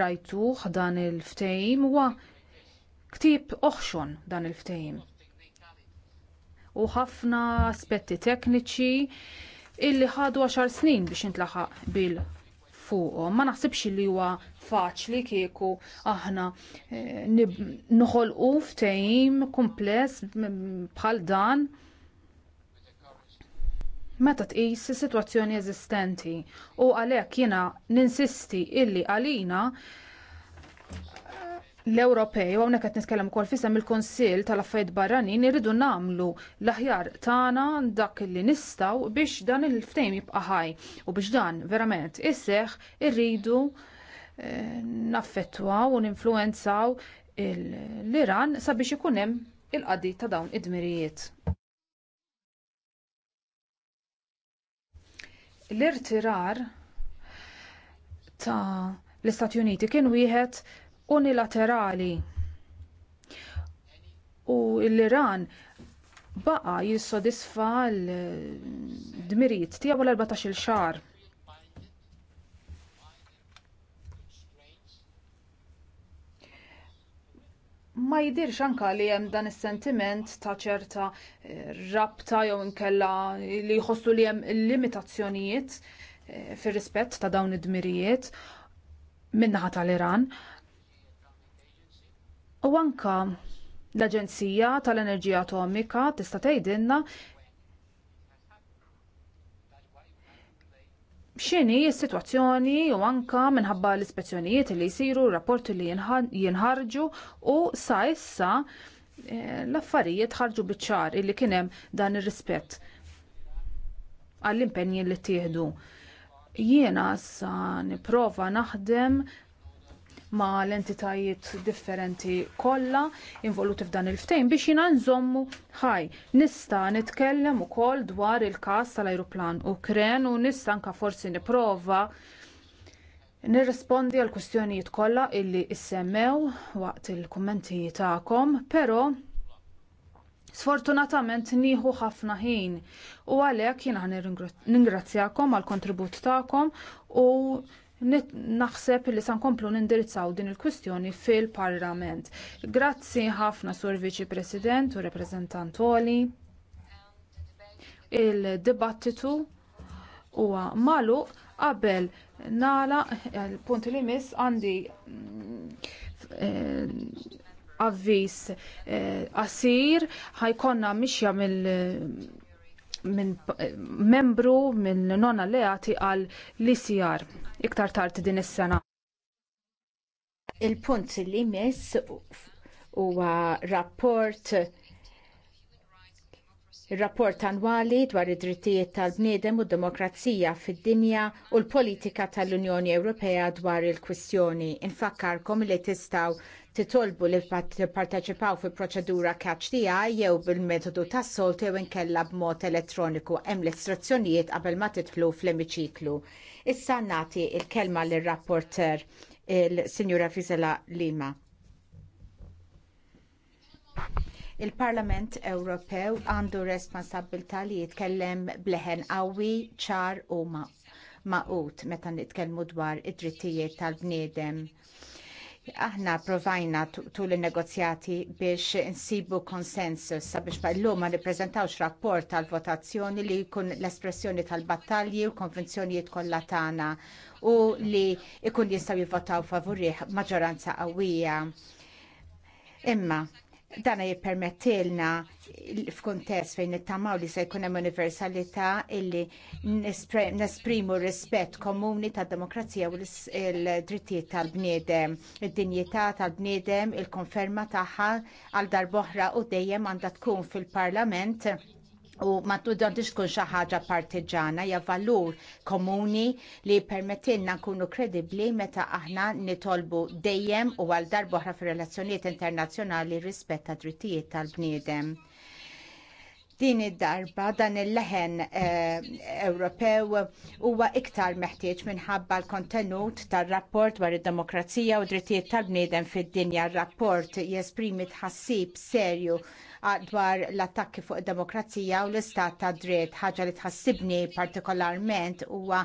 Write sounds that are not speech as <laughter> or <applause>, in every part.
rajtuh dan il-ftejim huwa ktib oħxon dan il ftehim U ħafna aspetti tekniċi illi ħadu 10 snin biex intlaħaq bil fuqhom. Ma naħsibx li huwa faċli kieku aħna eh, noħolqu ftehim kumpless bħal dan meta tqis is-sitwazzjoni eżistenti u għalhekk jiena ninsisti illi għalina eh, l-Ewropej, u għonek għet nitkellem kol fissem il-Konsil tal-Affajt Barranin, irridu namlu l-aħjar tana dak li nistaw biex dan il-ftejm jibqa' ħaj u biex dan verament isseħ irridu eh, naffettwaw u ninfluenzaw l-Iran sabiex ikun hemm il-qadi ta' dawn id-dmirijiet. l-irtirar ta' l-Istati Uniti kien wieħed unilaterali u l-Iran baqa jissodisfa l-dmirijiet tiegħu l-14 il xahar ma jidirx anka li hemm dan is-sentiment ta' ċerta eh, rabta jew inkella li jħossu li hemm limitazzjonijiet eh, fir-rispett ta' dawn id-dmirijiet minnaħa tal-Iran. U anka l-Aġenzija tal-Enerġija Atomika tista' tgħidilna x'inhi s-sitwazzjoni u anka minħabba l-ispezzjonijiet li jsiru, rapporti li jinħarġu u sa issa eh, l-affarijiet ħarġu biċ-ċar illi kien hemm dan ir-rispett għall-impenji li ttieħdu. Jiena sa nipprova naħdem ma' l-entitajiet differenti kollha involuti f'dan il-ftejn biex jina nżommu ħaj. Nista' nitkellem ukoll dwar il-każ tal-ajruplan Ukren u nista' nka forsi nipprova Nirrispondi għal kustjonijiet kollha illi issemmew waqt il kommenti tagħkom, però sfortunatament nieħu ħafna ħin u għalhekk jiena nirringrazzjakom għall kontribut tagħkom u naħseb li san komplu nindirizzaw din il-kwistjoni fil-parlament. Grazzi ħafna sur Viċi President u reprezentantoli. Il-dibattitu huwa malu qabel nala eh, punt li miss għandi mm, eh, avvis eh, qasir ħajkonna mixja mill minn eh, membru minn non alleati għal l-ICR iktar tard din is-sena. Il-punt li miss huwa rapport il-rapport annwali dwar id-drittijiet tal-bniedem u d demokrazija fid-dinja u l-politika tal-Unjoni Ewropea dwar il-kwistjoni. Infakkarkom li tistaw titolbu li parteċipaw fi proċedura catch tiegħi jew bil-metodu tas-soltu jew inkella b'mod elettroniku hemm l-istruzzjonijiet qabel ma titħlu fl-emiċiklu. Issa nagħti l kelma lir rapporter il-Sinjura Fisela Lima. Il-Parlament Ewropew għandu responsabilta li jitkellem bleħen qawwi, ċar u maqut meta nitkellmu dwar id-drittijiet tal-bniedem Aħna provajna tul il-negozjati biex nsibu konsensus sabiex pallu ma nippreżentawx rapport tal-votazzjoni li jkun l-espressjoni tal-battalji u konvenzjonijiet kollha tagħna u li jkun jistgħu jivvotaw favorih maġġoranza qawwija. Imma, Dana jippermettilna f'kuntest fejn nittamaw li se jkun hemm universalità illi nesprimu rispett komuni tad-demokrazija u l-drittijiet tal-bniedem, id-dinjità tal-bniedem, il-konferma tagħha għal darboħra u dejjem għandha tkun fil-Parlament U ma tudantix tkun xi ħaġa partiġana hija valur komuni li permettilna nkunu kredibbli meta aħna nitolbu dejjem u għal darba oħra fir-relazzjonijiet internazzjonali rispett ta' drittijiet tal-bniedem din id-darba dan il-leħen eh, Ewropew huwa iktar meħtieġ minħabba l-kontenut tar-rapport dwar id-demokrazija u drittijiet tal-bniedem fid-dinja. R-rapport jesprimi tħassib serju dwar l-attakki fuq id-demokrazija u l-istat ta' dritt. Ħaġa li tħassibni partikolarment huwa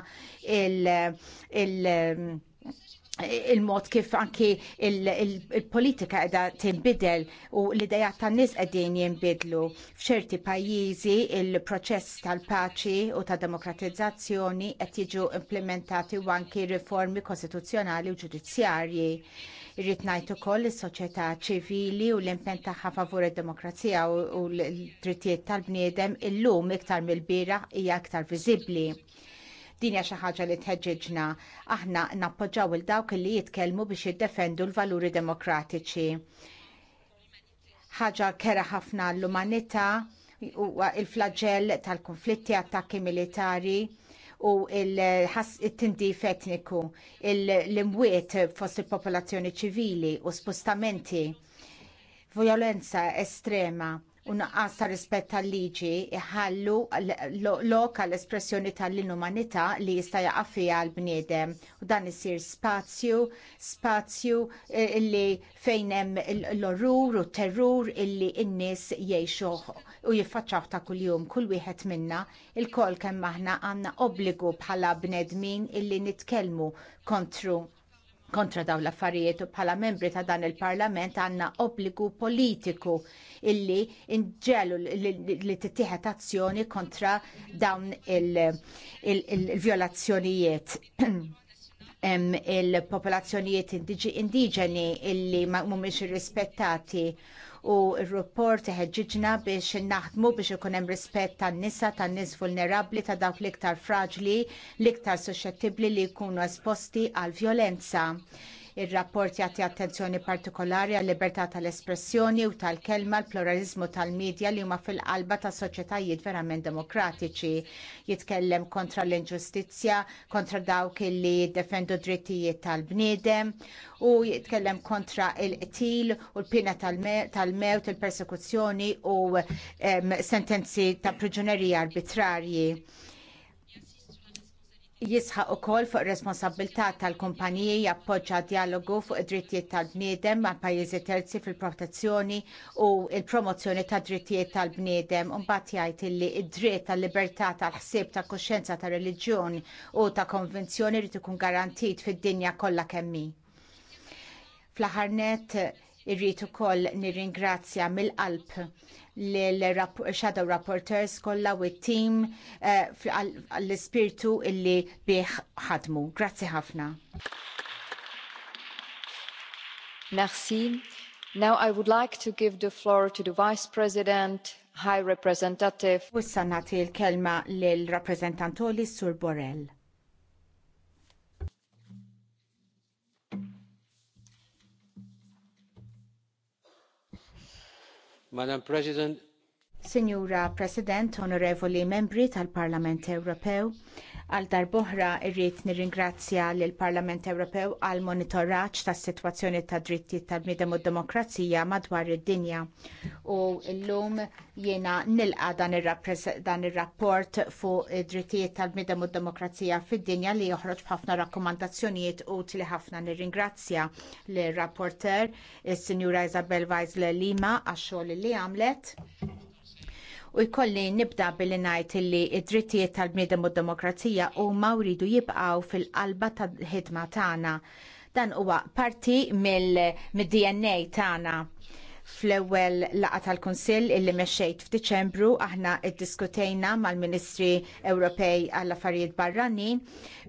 il- il-mod kif anki il-politika il, il edha timbidel u l-ideja ta' nis edin jimbidlu. F'ċerti pajjiżi il-proċess tal-paċi u ta' demokratizzazzjoni qed jiġu implementati u anki riformi kostituzzjonali u ġudizzjarji Irrid ngħid ukoll is-soċjetà ċivili u l-impenn tagħha favur id-demokrazija u l-drittijiet tal-bniedem illum iktar mill-bieraħ hija iktar viżibbli. Din hija xi ħaġa li tħeġġeġna. Aħna nappoġġaw il dawk li jitkellmu biex jiddefendu l-valuri demokratiċi. Ħaġa kera ħafna l-umanità, il-flagell tal-konflitti attakki militari u il-tindif etniku, l-imwiet fost il-popolazzjoni ċivili u spostamenti, violenza estrema u naqqas ta' rispett tal-liġi iħallu lok għall espressjoni tal-inumanità li jista' jaqa' fiha l-bniedem u dan isir spazju, spazju e, li fejn hemm l-orrur u terrur illi n-nies jgħixu u jiffaċċaw ta' kuljum kull wieħed minna il-kol kemm aħna għandna obbligu bħala bnedmin illi nitkellmu kontru kontra dawn l-affarijiet bħala membri ta' dan il-parlament għandna obbligu politiku illi inġelu li tittieħed azzjoni kontra dawn il-violazzjonijiet. <clears throat> il-popolazzjonijiet indiġeni illi mhumiex irrispettati u r-rapport ħeġġiġna biex naħdmu biex ikun hemm rispett tan-nisa, tan-nies vulnerabbli, ta' dawk l-iktar fraġli, l-iktar suscettibbli li jkunu esposti għal vjolenza. Ir-rapport jagħti attenzjoni partikolari għal libertà tal-espressjoni u tal-kelma, l-pluralizmu tal-medja li huma fil-qalba ta' soċjetajiet verament demokratiċi. Jitkellem kontra l-inġustizzja, kontra dawk li jiddefendu drittijiet tal-bniedem u jitkellem kontra il-qtil u l-pina tal-mewt, il-persekuzzjoni u sentenzi ta' priġunerija arbitrarji jisħaq ukoll fuq responsabilità tal-kumpaniji jappoġġa dialogu fuq id-drittijiet tal-bniedem ma' pajjiżi terzi fil-protezzjoni u l promozzjoni tad drittijiet tal-bniedem u mbagħad jgħid li id-dritt tal-libertà tal-ħsieb ta' kuxjenza ta' reliġjon u ta' konvenzjoni rid ikun garantit fid-dinja kollha kemm hi. Fl-aħħar Irrid ukoll nirringrazzja mill-qalb l-shadow rapporteurs kollha u t-team eh, għall-ispirtu illi bih ħadmu. Grazzi ħafna. Merci. Now I would like to give the floor to the Vice President, High Representative. Issa nagħti l-kelma lill rappreżentantoli Sur Borrell. Madam President. Signora President, onorevoli membri tal-Parlament Ewropew, Għal darboħra irrit nirringrazzja lill parlament Ewropew għal monitoraġġ tas sitwazzjoni ta' dritti tal-bniedem u d demokrazija madwar id-dinja. U llum jiena nilqa dan ir-rapport fuq id-drittijiet tal midem u d-demokrazija fid-dinja li joħroġ b'ħafna rakkomandazzjonijiet utli ħafna nirringrazzja lir rapporter is-Sinjura Isabel Weisler Lima għax-xogħol li għamlet u jkolli nibda billi ngħid li id-drittijiet tal-bniedem u d-demokrazija huma wridu jibqgħu fil-qalba ta' ħidma tagħna. Dan huwa parti mill-DNA tagħna fl-ewwel laqgħa tal-Kunsill illi mexxejt f'Diċembru aħna iddiskutejna mal-Ministri Ewropej għall affarijiet barranin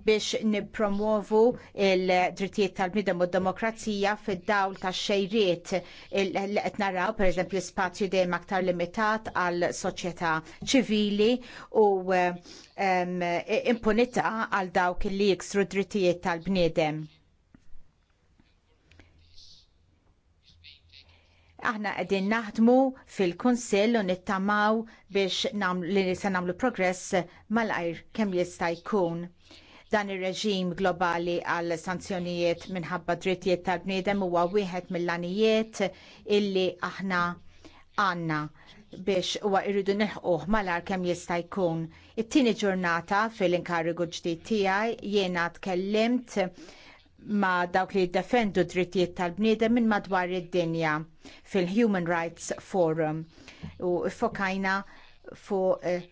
biex nippromovu il-drittijiet tal-bniedem u d-demokrazija fid-dawl tax-xejriet li qed naraw pereżempju spazju dejjem aktar limitat għal soċjetà ċivili u impunità għal dawk li jiksru drittijiet tal-bniedem Aħna qegħdin naħdmu fil-Kunsill u nittamaw biex li se nagħmlu progress mal għajr kemm jista' jkun dan ir-reġim globali għal sanzjonijiet minħabba drittijiet tal-bniedem huwa wieħed mill-anijiet illi aħna għanna biex huwa irridu neħquh malar kemm jista' jkun. It-tieni ġurnata fil-inkarigu ġdid tiegħi jiena tkellimt ma dawk li jiddefendu drittijiet tal-bniedem minn madwar id-dinja fil-Human Rights Forum u fokajna fuq eh,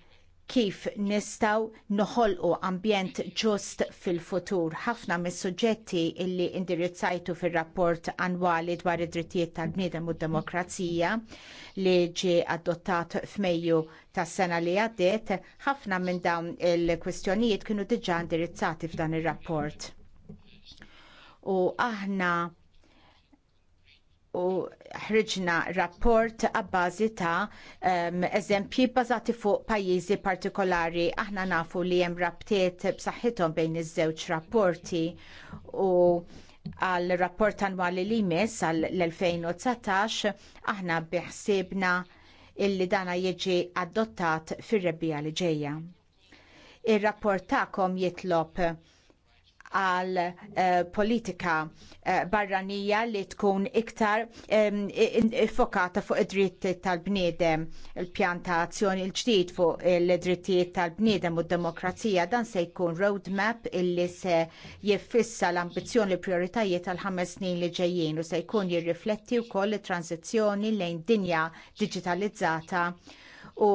kif nistaw noħolqu ambjent ġust fil-futur. ħafna mis-suġġetti illi indirizzajtu fir-rapport annwali dwar id-drittijiet tal-bniedem u d-demokrazija li ġie adottat f'Mejju tas sena li għaddiet, ħafna minn dawn il-kwistjonijiet kienu diġà indirizzati f'dan ir rapport u aħna u ħriġna rapport għabbażi ta' um, eżempji bbażati fuq pajjiżi partikolari. Aħna nafu li hemm rabtiet b'saħħithom bejn iż-żewġ rapporti u għal rapport annwali li jmiss għal l-2019 aħna biħsibna illi dana jiġi adottat fir-rebbija li ġejja. Ir-rapport tagħkom jitlob għal eh, politika eh, barranija li tkun iktar fokata fuq id-drittijiet tal-bniedem, il-pjan ta' azzjoni l-ġdid fuq id drittijiet tal-bniedem u d-demokrazija dan se jkun roadmap illi se jiffissa l-ambizjoni prioritajiet tal-ħames snin li ġejjin u se jkun jirrifletti wkoll it-tranzizzjoni lejn dinja digitalizzata u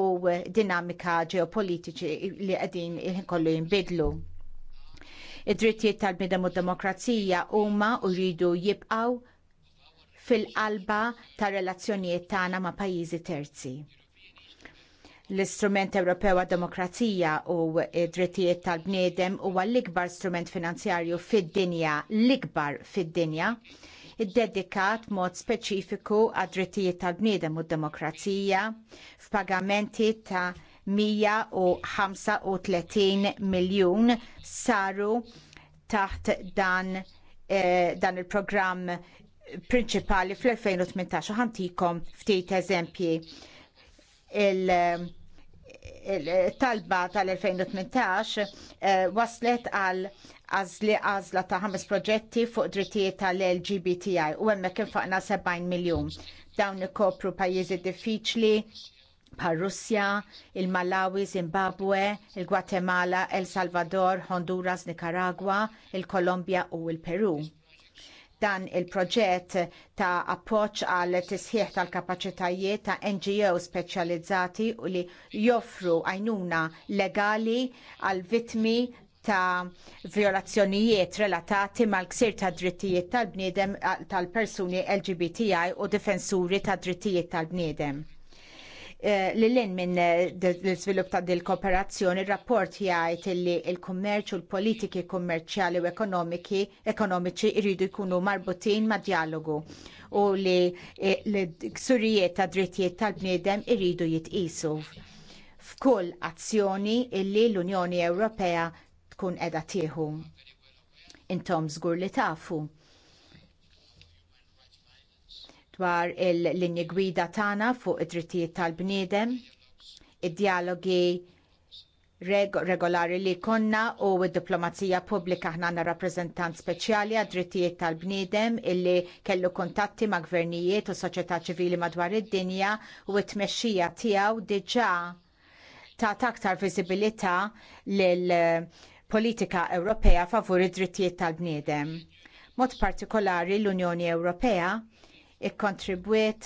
dinamika ġeopolitiċi li qegħdin kollu jinbidlu. Id-drittijiet tal bnidem u d demokrazija huma u rridu jibqgħu fil-qalba tar relazzjonijiet tagħna ma' pajjiżi terzi l-istrument Ewropew għad demokrazija u drittijiet tal-bniedem huwa l-ikbar strument finanzjarju fid-dinja, l-ikbar fid-dinja, id-dedikat mod speċifiku għad drittijiet tal-bniedem u d demokrazija f'pagamenti ta' 135 miljun saru taħt dan, eh, dan il-programm prinċipali fl-2018. Ħantikom ftit eżempji il- talba tal-2018 eh, waslet għal għazli għazla ta' ħames proġetti fuq drittijiet tal-LGBTI u hemmhekk faqna 70 miljun. Dawn ikopru pajjiżi diffiċli, bħal Russja, il-Malawi, Zimbabwe, il-Gwatemala, El Salvador, Honduras, Nicaragua, il-Kolombja u il-Peru dan il-proġett ta' appoġġ għal tisħiħ tal-kapaċitajiet ta' NGO speċjalizzati u li joffru għajnuna legali għal vittmi ta' violazzjonijiet relatati mal-ksir ta' drittijiet tal-bniedem tal-persuni LGBTI u difensuri ta' drittijiet tal-bniedem. Eh, Lilin minn eh, l-svilup ta' dil-kooperazzjoni, il-rapport jgħid li il-kummerċ u l-politiki kummerċjali u ekonomiki ekonomiċi jridu jkunu marbutin ma' dialogu u li eh, l-ksurijiet ta' drittijiet tal-bniedem irridu jitqisu f'kull azzjoni illi l-Unjoni Ewropea tkun qiegħda tieħu. Intom żgur li tafu dwar il-linji gwida tagħna fuq id-drittijiet tal-bniedem, id-dialogi reg regolari li konna u id diplomazija pubblika ħnana rappreżentant speċjali għad-drittijiet tal-bniedem illi kellu kuntatti ma' gvernijiet u soċjetà ċivili madwar id-dinja u t-tmexxija tiegħu diġà ta' aktar viżibilità lil politika Ewropea favur id-drittijiet tal-bniedem. Mod partikolari l-Unjoni Ewropea ikkontribwiet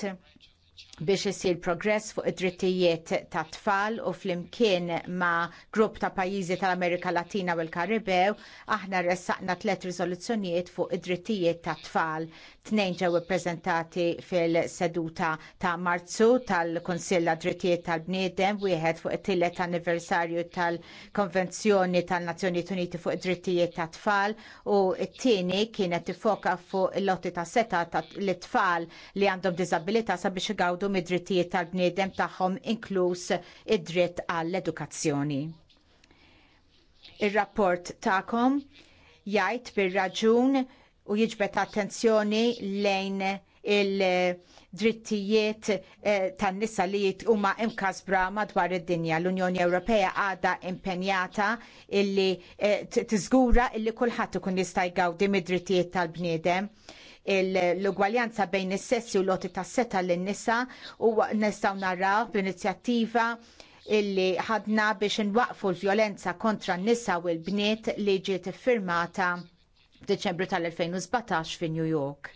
biex isir progress fuq id-drittijiet ta' tfal u flimkien ma' grupp ta' pajjiżi tal-Amerika Latina u l-Karibew, aħna ressaqna tliet riżoluzzjonijiet fuq id-drittijiet ta' tfal. Tnejn ġew ippreżentati fil-seduta ta' Marzu tal għad Drittijiet tal-Bniedem, wieħed fuq it-tielet anniversarju tal-Konvenzjoni tan-Nazzjonijiet Uniti fuq id-drittijiet ta' tfal u t-tieni kienet tifoka fuq il-lotti ta' seta' l tfal li għandhom diżabilità sabiex igawdu għandhom mid-drittijiet tal-bniedem tagħhom inkluż id-dritt għall-edukazzjoni. Ir-rapport tagħkom jgħid bir-raġun u jiġbet attenzjoni lejn il-drittijiet tan-nisa li huma imkasbra madwar id-dinja. L-Unjoni Ewropea għadha impenjata illi tiżgura illi kulħadd ikun jista' jgawdi mid-drittijiet tal-bniedem l-ugwaljanza bejn is-sessi u loti tas seta lin-nisa u nistgħu narraw b'inizjattiva illi ħadna biex inwaqfu l-vjolenza kontra n-nisa u l-bniet li ġiet iffirmata f'Diċembru tal-2017 fi New York.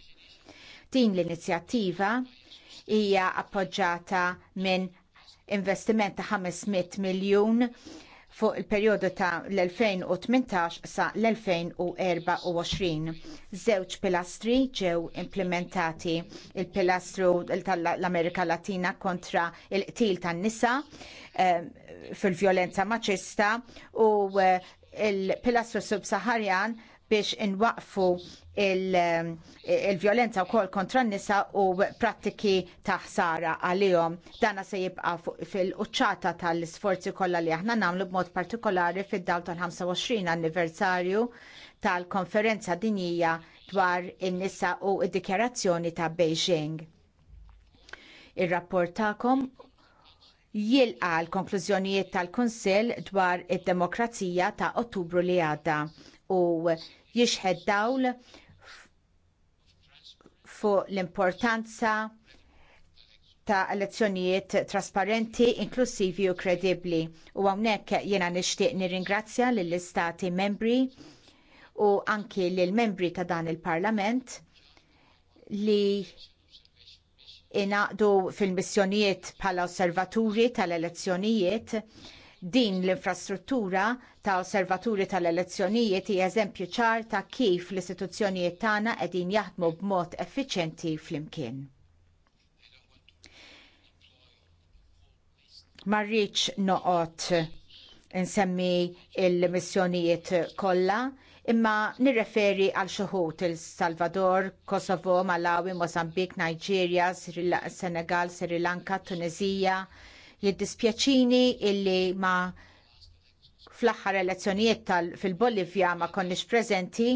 Din l-inizjattiva hija appoġġjata minn investiment ta' 500 miljun fuq il-perjodu ta' l-2018 sa' l-2024. Żewġ pilastri ġew implementati il-pilastru tal-Amerika Latina kontra il-qtil tan-nisa eh, fil-vjolenza maċista u eh, il-pilastru subsaharjan biex inwaqfu eh, il-violenza il u kol kontra n-nisa u prattiki ta' ħsara għalihom. Dana se jibqa fil-uċċata tal-sforzi kollha li aħna nagħmlu b'mod partikolari fid-dawl tal-25 anniversarju tal-konferenza dinija dwar in-nisa u d-dikjarazzjoni ta' Beijing. Ir-rapport tagħkom jilqa l-konklużjonijiet tal-Kunsill dwar id-demokrazija ta' Ottubru li għadda u jixħed dawl fuq l-importanza ta' elezzjonijiet trasparenti, inklusivi u kredibbli. U hawnhekk jiena nixtieq nirringrazzja lill istati membri u anki lill membri ta' dan il-Parlament li inaqdu fil-missjonijiet bħala osservaturi tal-elezzjonijiet Din l-infrastruttura ta' osservaturi tal-elezzjonijiet hija eżempju ċar ta' kif l-istituzzjonijiet tagħna qegħdin jaħdmu b'mod effiċjenti flimkien. Marriċ noqgħod insemmi il-missjonijiet kollha, imma nirreferi għal xuħut il-Salvador, Kosovo, Malawi, Mozambik, Nigeria, Senegal, Sri Lanka, Tunizija, Jiddispjaċini illi ma fl-aħħar elezzjonijiet fil-Bolivja ma konniex prezenti,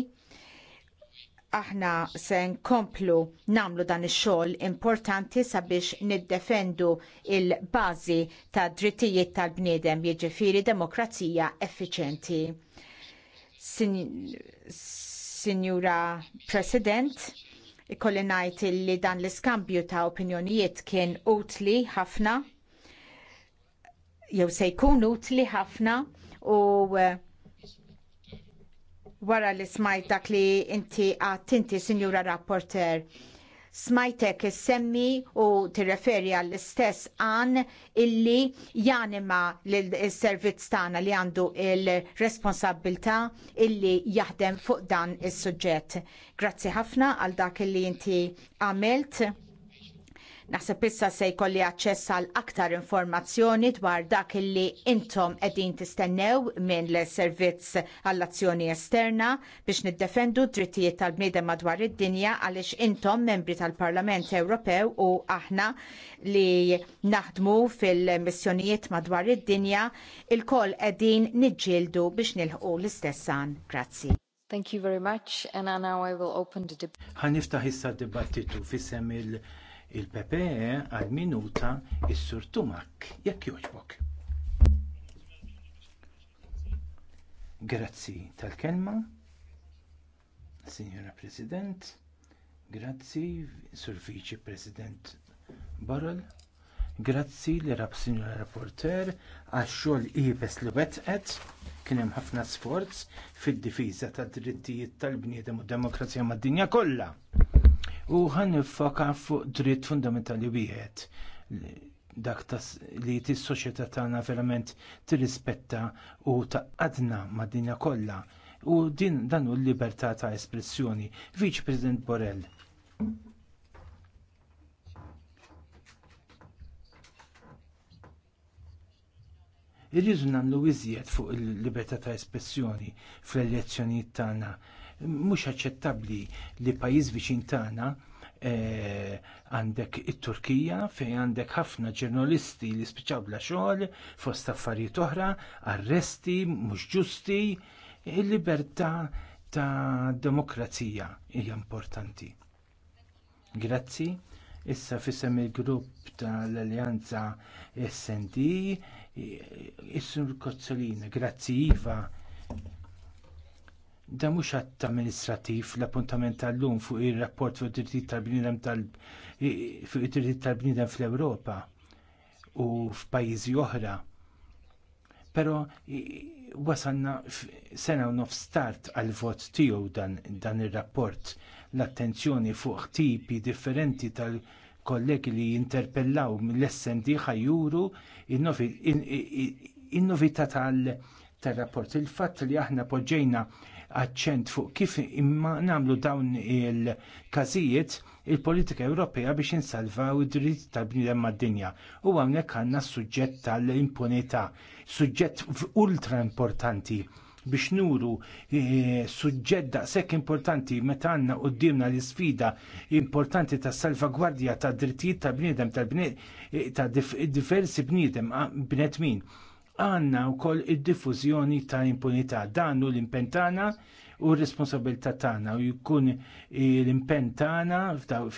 aħna se nkomplu namlu dan ix-xogħol importanti sabiex niddefendu il-bażi ta' drittijiet tal-bniedem jiġifieri demokrazija effiċjenti. Sin Sinjura President, ikolli ngħid li dan l-iskambju ta' opinjonijiet kien utli ħafna jew se jkun utli ħafna u eh, wara li smajt dak li inti għattinti, Sinjura Rapporter, smajtek semmi u tirreferi għall-istess għan illi janima l-servizz tagħna li għandu il-responsabilta illi jaħdem fuq dan is-suġġett. Grazzi ħafna għal dak illi inti għamilt Naħseb issa se jkolli aċċess għal aktar informazzjoni dwar dak illi intom qegħdin tistennew minn l servizz għall-azzjoni esterna biex niddefendu d drittijiet tal-bniedem madwar id-dinja għaliex intom membri tal-Parlament Ewropew u aħna li naħdmu fil-missjonijiet madwar id-dinja il-koll qegħdin niġġieldu biex nilħqu l-istessan. Grazzi. Thank you very much and now I will open the debate. issa dibattitu fissem il- il-PPE għal minuta is-sur Tumak jekk jogħġbok. Grazzi tal-kelma, Signora President, grazzi Sur Viċi President Borrell, grazzi li rab Signora Rapporter għax-xogħol ibes li wetqet kien hemm ħafna sforz fid-difiża tad-drittijiet tal-bniedem u demokrazija mad-dinja kollha u ħan nifoka fuq dritt fundamentali wieħed dak tas li tis-soċjetà tagħna verament tirrispetta u taqadna mad-dinja kollha u din dan hu l-libertà ta' espressjoni. Viċ President Borrell. Irridu nagħmlu iżjed fuq il-libertà ta' espressjoni fl-elezzjonijiet tagħna mhux aċċettabbli li pajjiż viċin tagħna eh, għandek it-Turkija fejn għandek ħafna ġurnalisti li spiċaw bla xogħol fost affarijiet oħra, arresti mhux ġusti, il-libertà ta' demokrazija hija importanti. Grazzi, issa fissem il-grupp tal-Alleanza SD, eh, issu l-Kozzolina, grazzi Iva Da mhux għatt amministrattiv l-appuntament tal-lum fuq ir rapport fuq it tirtit tal-bniedem fuq tal fl-Ewropa u f'pajjiżi oħra. Però wasalna sena u nof start għal vot tiegħu dan, dan ir-rapport l-attenzjoni fuq tipi differenti tal-kollegi li jinterpellaw mill-SMD ħajjuru in-novità tal-rapport. Il-fatt li aħna poġġejna aċċent fuq kif imma nagħmlu dawn il-każijiet il-politika Ewropea biex insalvaw id-dritt tal-bniedem mad-dinja. U hawnhekk għandna suġġett tal-impunità, suġġett ultra importanti biex nuru e, suġġett daqshekk importanti meta għandna dimna l-isfida importanti tas salvagwardja tad drittijiet ta' bniedem ta', bne, ta diversi bniedem bnedmin għanna u koll id-diffużjoni ta' impunità. Dan u l-impentana u r-responsabilità tagħna u jkun l-impentana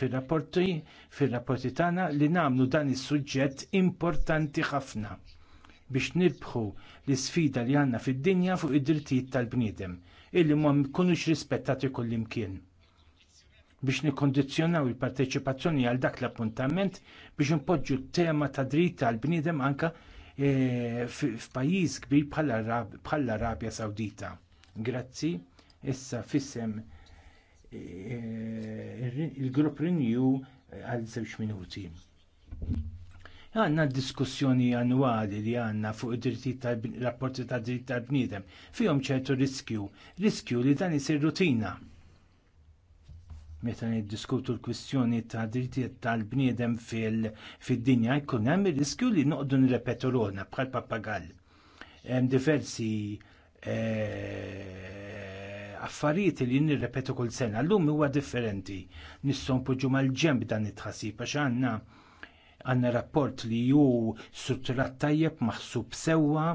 fir-rapporti fir-rapporti tagħna li nagħmlu dan is-suġġett importanti ħafna biex nirbħu l-sfida li għanna fid-dinja fuq id-drittijiet tal-bniedem illi ma mkunux rispettati kullimkien biex nikkondizzjonaw il-parteċipazzjoni għal dak l-appuntament biex npoġġu t-tema ta' dritt tal-bniedem anka E, f'pajjiż kbir bħall-Arabja Sawdita. Grazzi, issa fissem e, e, il-grupp Renew għal żewġ minuti. Għanna diskussjoni annwali li għanna fuq id-rapporti tad dritt tal-bniedem, fihom ċertu riskju, riskju li dan isir rutina meta niddiskutu l-kwistjoni ta' drittijiet tal-bniedem fid-dinja jkun hemm ir-riskju li noqdu nirrepetu l bħal pappagall. Hemm diversi eh, affarijiet li nirrepetu kull sena, llum huwa differenti. Nistgħu npoġġu mal-ġemb dan it-tħassib għax għandna għandna rapport li hu strutturat tajjeb maħsub sewwa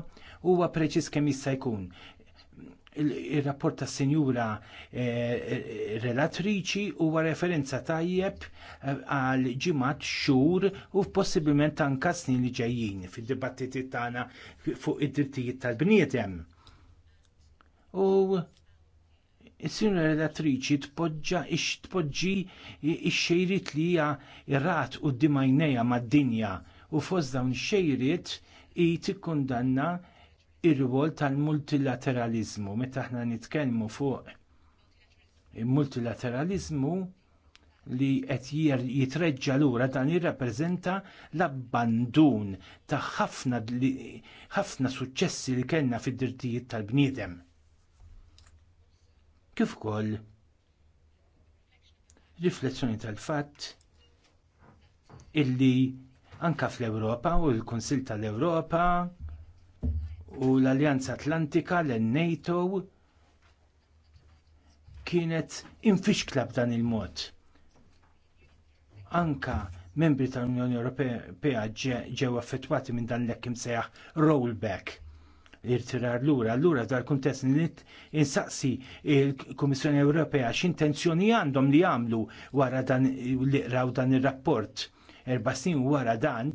huwa preċiż kemm jista' jkun il-rapport ta' senjura eh, eh, relatriċi huwa referenza tajjeb eh, għal ġimat xhur u possibilment anka snin li ġejjin fid-dibattiti tagħna fuq id-drittijiet tal-bniedem. U is-sinjura relatriċi tpoġġa ix tpoġġi x-xejrit li hija irrat u d-dimajnejja mad-dinja u fost dawn xejrit i tikkundanna ir-rwol tal-multilateralizmu meta ħna nitkellmu fuq il-multilateralizmu li qed jitreġġa lura dan jirrappreżenta l-abbandun ta' ħafna ħafna suċċessi li kellna fid-dirtijiet tal-bniedem. Kif ukoll riflessjoni tal-fatt illi anka fl-Ewropa u l-Kunsil tal-Ewropa u l-Alleanza Atlantika l-NATO kienet infixkla b'dan il-mod. Anka membri tal-Unjoni Ewropea ġew affettwati minn dan l-ekkim sejaħ rollback irtirar lura. Allura dal kuntest nit insaqsi il-Kummissjoni Ewropea x'intenzjoni għandhom li jagħmlu wara dan li raw dan ir-rapport. Erba' snin wara dan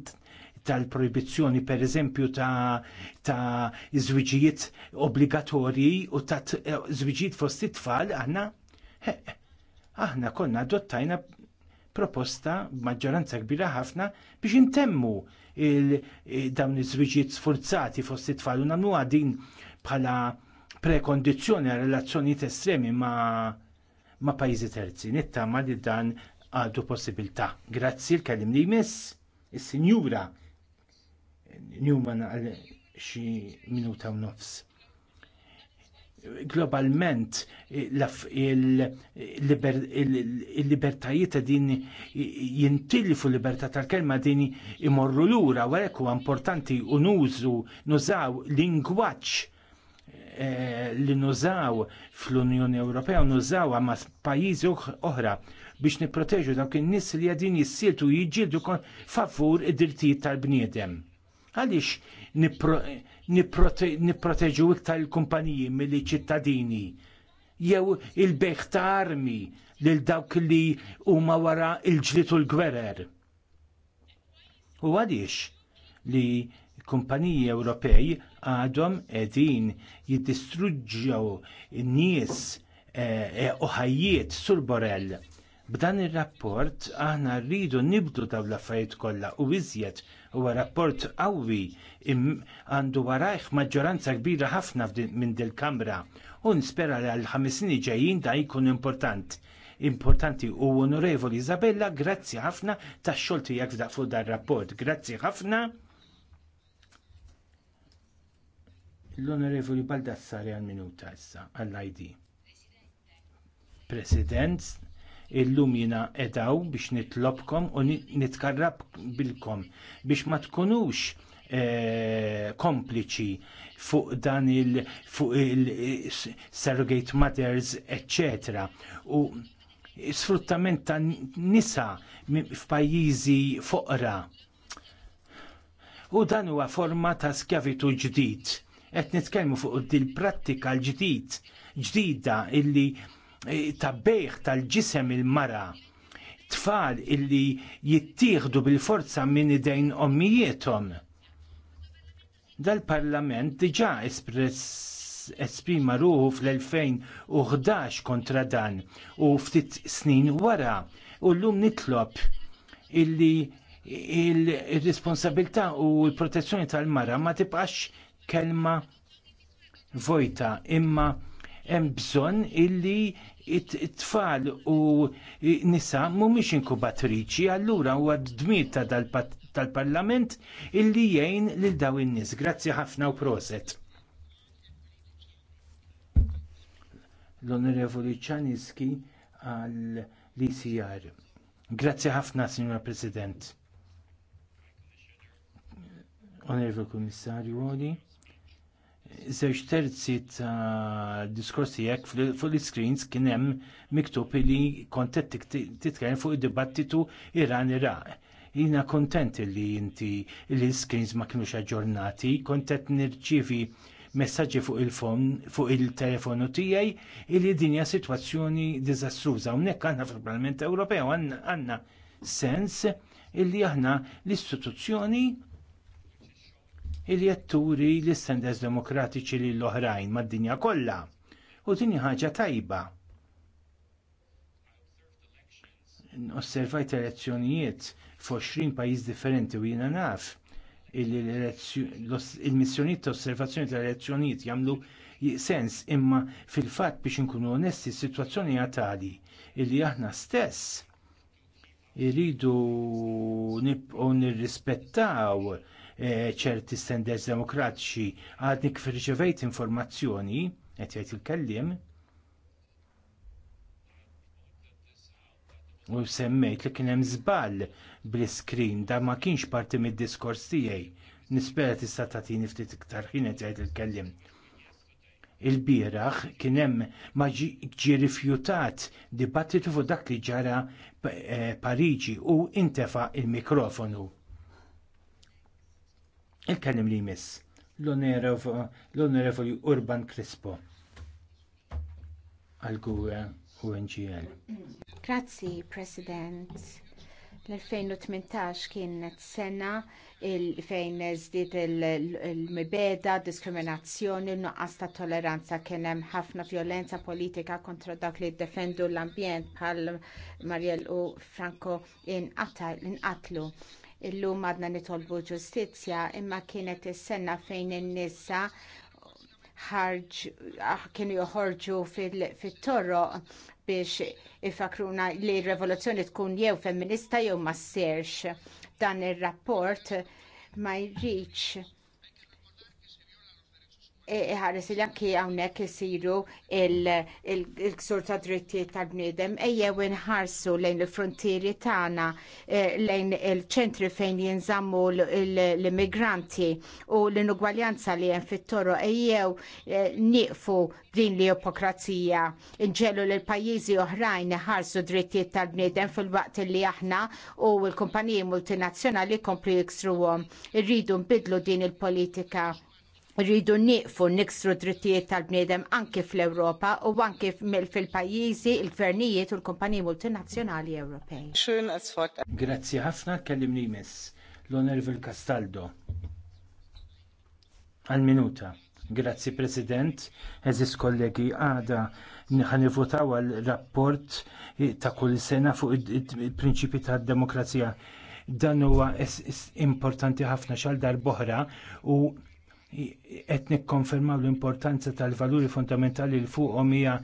tal-proibizzjoni per eżempju ta', ta zwiġijiet obbligatorji u ta' zwiġijiet eh, fost it-tfal, aħna aħna konna adottajna proposta maġġoranza kbira ħafna biex intemmu eh, dawn iż-żwiġijiet sforzati fost it-tfal u nagħmluha għadin bħala prekondizzjoni għal relazzjonijiet estremi ma' ma' pajjiżi terzi. Nittama li dan għadu possibilità. Grazzi l-kellim li jmiss, is-Sinjura Newman għal xi minuta u nofs. Globalment il-libertajiet din jintilfu libertà tal-kelma din imorru lura u hekk huwa importanti u nużu nużaw lingwaġġ eh, li nużaw fl-Unjoni Ewropea u nużaw għamma pajizi oħra biex niproteġu dawk in-nies li għadin jissiltu jiġġieldu favur id-drittijiet tal-bniedem. Għaliex nipproteġu iktar il-kumpaniji mill ċittadini jew il-beħ ta' armi lil dawk li huma wara il-ġlit u l-gwerer. U għaliex li kumpaniji Ewropej għadhom edin jiddistruġġew nies eh, eh, u ħajjiet sur Borrell B'dan ir-rapport aħna rridu nibdu dawn l-affarijiet kollha u iżjed huwa rapport qawwi għandu warajh maġġoranza kbira ħafna minn din kamra u nispera li għal ħames snin ġejjin da jkun important. Importanti u onorevoli Isabella, grazzi ħafna tax xogħol tiegħek f'daq fuq dar rapport. Grazzi ħafna. L-Onorevoli Baldassari għal minuta issa għall-ID. President, illum jina edaw biex nitlobkom u nitkarrab bilkom biex ma tkunux e, kompliċi fuq dan il fuq il surrogate mothers etc. u sfruttament ta' nisa f'pajjiżi foqra. U dan huwa forma ta' skjavitu ġdid. Qed nitkellmu fuq il prattika l-ġdid ġdida illi E, ta' tal-ġisem il-mara tfal illi jittieħdu bil-forza minn idejn ommijietom. Dal-parlament diġa esprima ruħu fl-2011 kontra dan u ftit snin wara u llum nitlob illi il-responsabilità u l-protezzjoni tal-mara ma tibqax kelma vojta imma hemm bżonn illi it-tfal u nisa mhumiex inkubatriċi, allura huwa d-dmir ta' tal-Parlament illi jgħin lil daw in-nies. Grazzi ħafna u proset. L-Onorevoli Ċaniski għall-ICR. Grazzi ħafna, Signor President. Onorevoli Kummissarju Oli żewġ terzi ta' diskorsi tiegħek fuq l-screens kien hemm miktub li kont qed titkellem fuq id-dibattitu Iran-Iraq. Jina kontent li inti li l-screens ma kinux aġġornati, kont qed nirċivi messaġġi fuq il-fon, fuq il-telefonu tiegħi li din hija sitwazzjoni diżastruża. Hawnhekk għandna fil-Parlament Ewropew għandna sens illi aħna l-istituzzjoni il jetturi l-istandards demokratiċi li l-oħrajn mad-dinja kollha. U din ħaġa tajba. Osservajt elezzjonijiet f-20 pajjiż differenti u jiena naf il-missjoniet ta' osservazzjoni tal elezzjonijiet jagħmlu sens imma fil-fatt biex inkunu onesti s-sitwazzjoni hija li illi aħna stess iridu nibqgħu nirrispettaw Eh, ċerti standards demokratiċi. Għadni kif riċevejt informazzjoni, qed jgħid il-kellim, u semmejt li kien hemm żball bl-iskrin da ma kienx parti mid-diskors tiegħi. Nispera tista' tagħtini ftit iktar ħin qed jgħid il-kellim. Il-bieraħ kien hemm ma ġie rifjutat dibattitu fuq dak li ġara eh, Pariġi u intefa' il-mikrofonu. Il-kellim li jmiss l onerevoli Urban Crispo għal-Gura u Grazzi, President. L-2018 kienet sena fejn żdied il-mibeda, diskriminazzjoni, nuqqas ta' tolleranza kien hemm ħafna vjolenza politika kontra dak li defendu l-ambjent bħal Mariel u Franco inqatlu. In Illum għadna nitolbu ġustizzja imma kienet is-sena fejn in-nisa ħarġ ah, kienu joħorġu fit-torro biex ifakruna li r-revoluzzjoni tkun jew femminista jew ma sserx. Dan ir-rapport ma jridx iħares e, e, li anki hawnhekk isiru il-ksur ta' drittijiet tal-bniedem u nħarsu lejn il-frontieri tagħna e, lejn il-ċentri fejn jinżammu l-immigranti u l-inugwaljanza li hemm fit-toro ejjew nieqfu din l ipokrazija inġelu l pajjiżi oħrajn iħarsu drittijiet tal-bniedem fil-waqt li aħna u l-kumpaniji multinazzjonali kompli jiksruhom irridu nbidlu din il-politika rridu nieqfu niksru drittijiet tal-bniedem anke fl-Ewropa u anke fil-pajjiżi, il-gvernijiet u l-kumpaniji multinazzjonali Ewropej. Grazzi ħafna kellim miss l-Onervil Castaldo. Għal-minuta. Grazzi President, eżis kollegi għada votaw għal-rapport ta' kull sena fuq il-prinċipi ta' demokrazija. Dan huwa importanti ħafna xal dar boħra u qed nikkonfermaw l-importanza tal-valuri fundamentali l fuqhom hija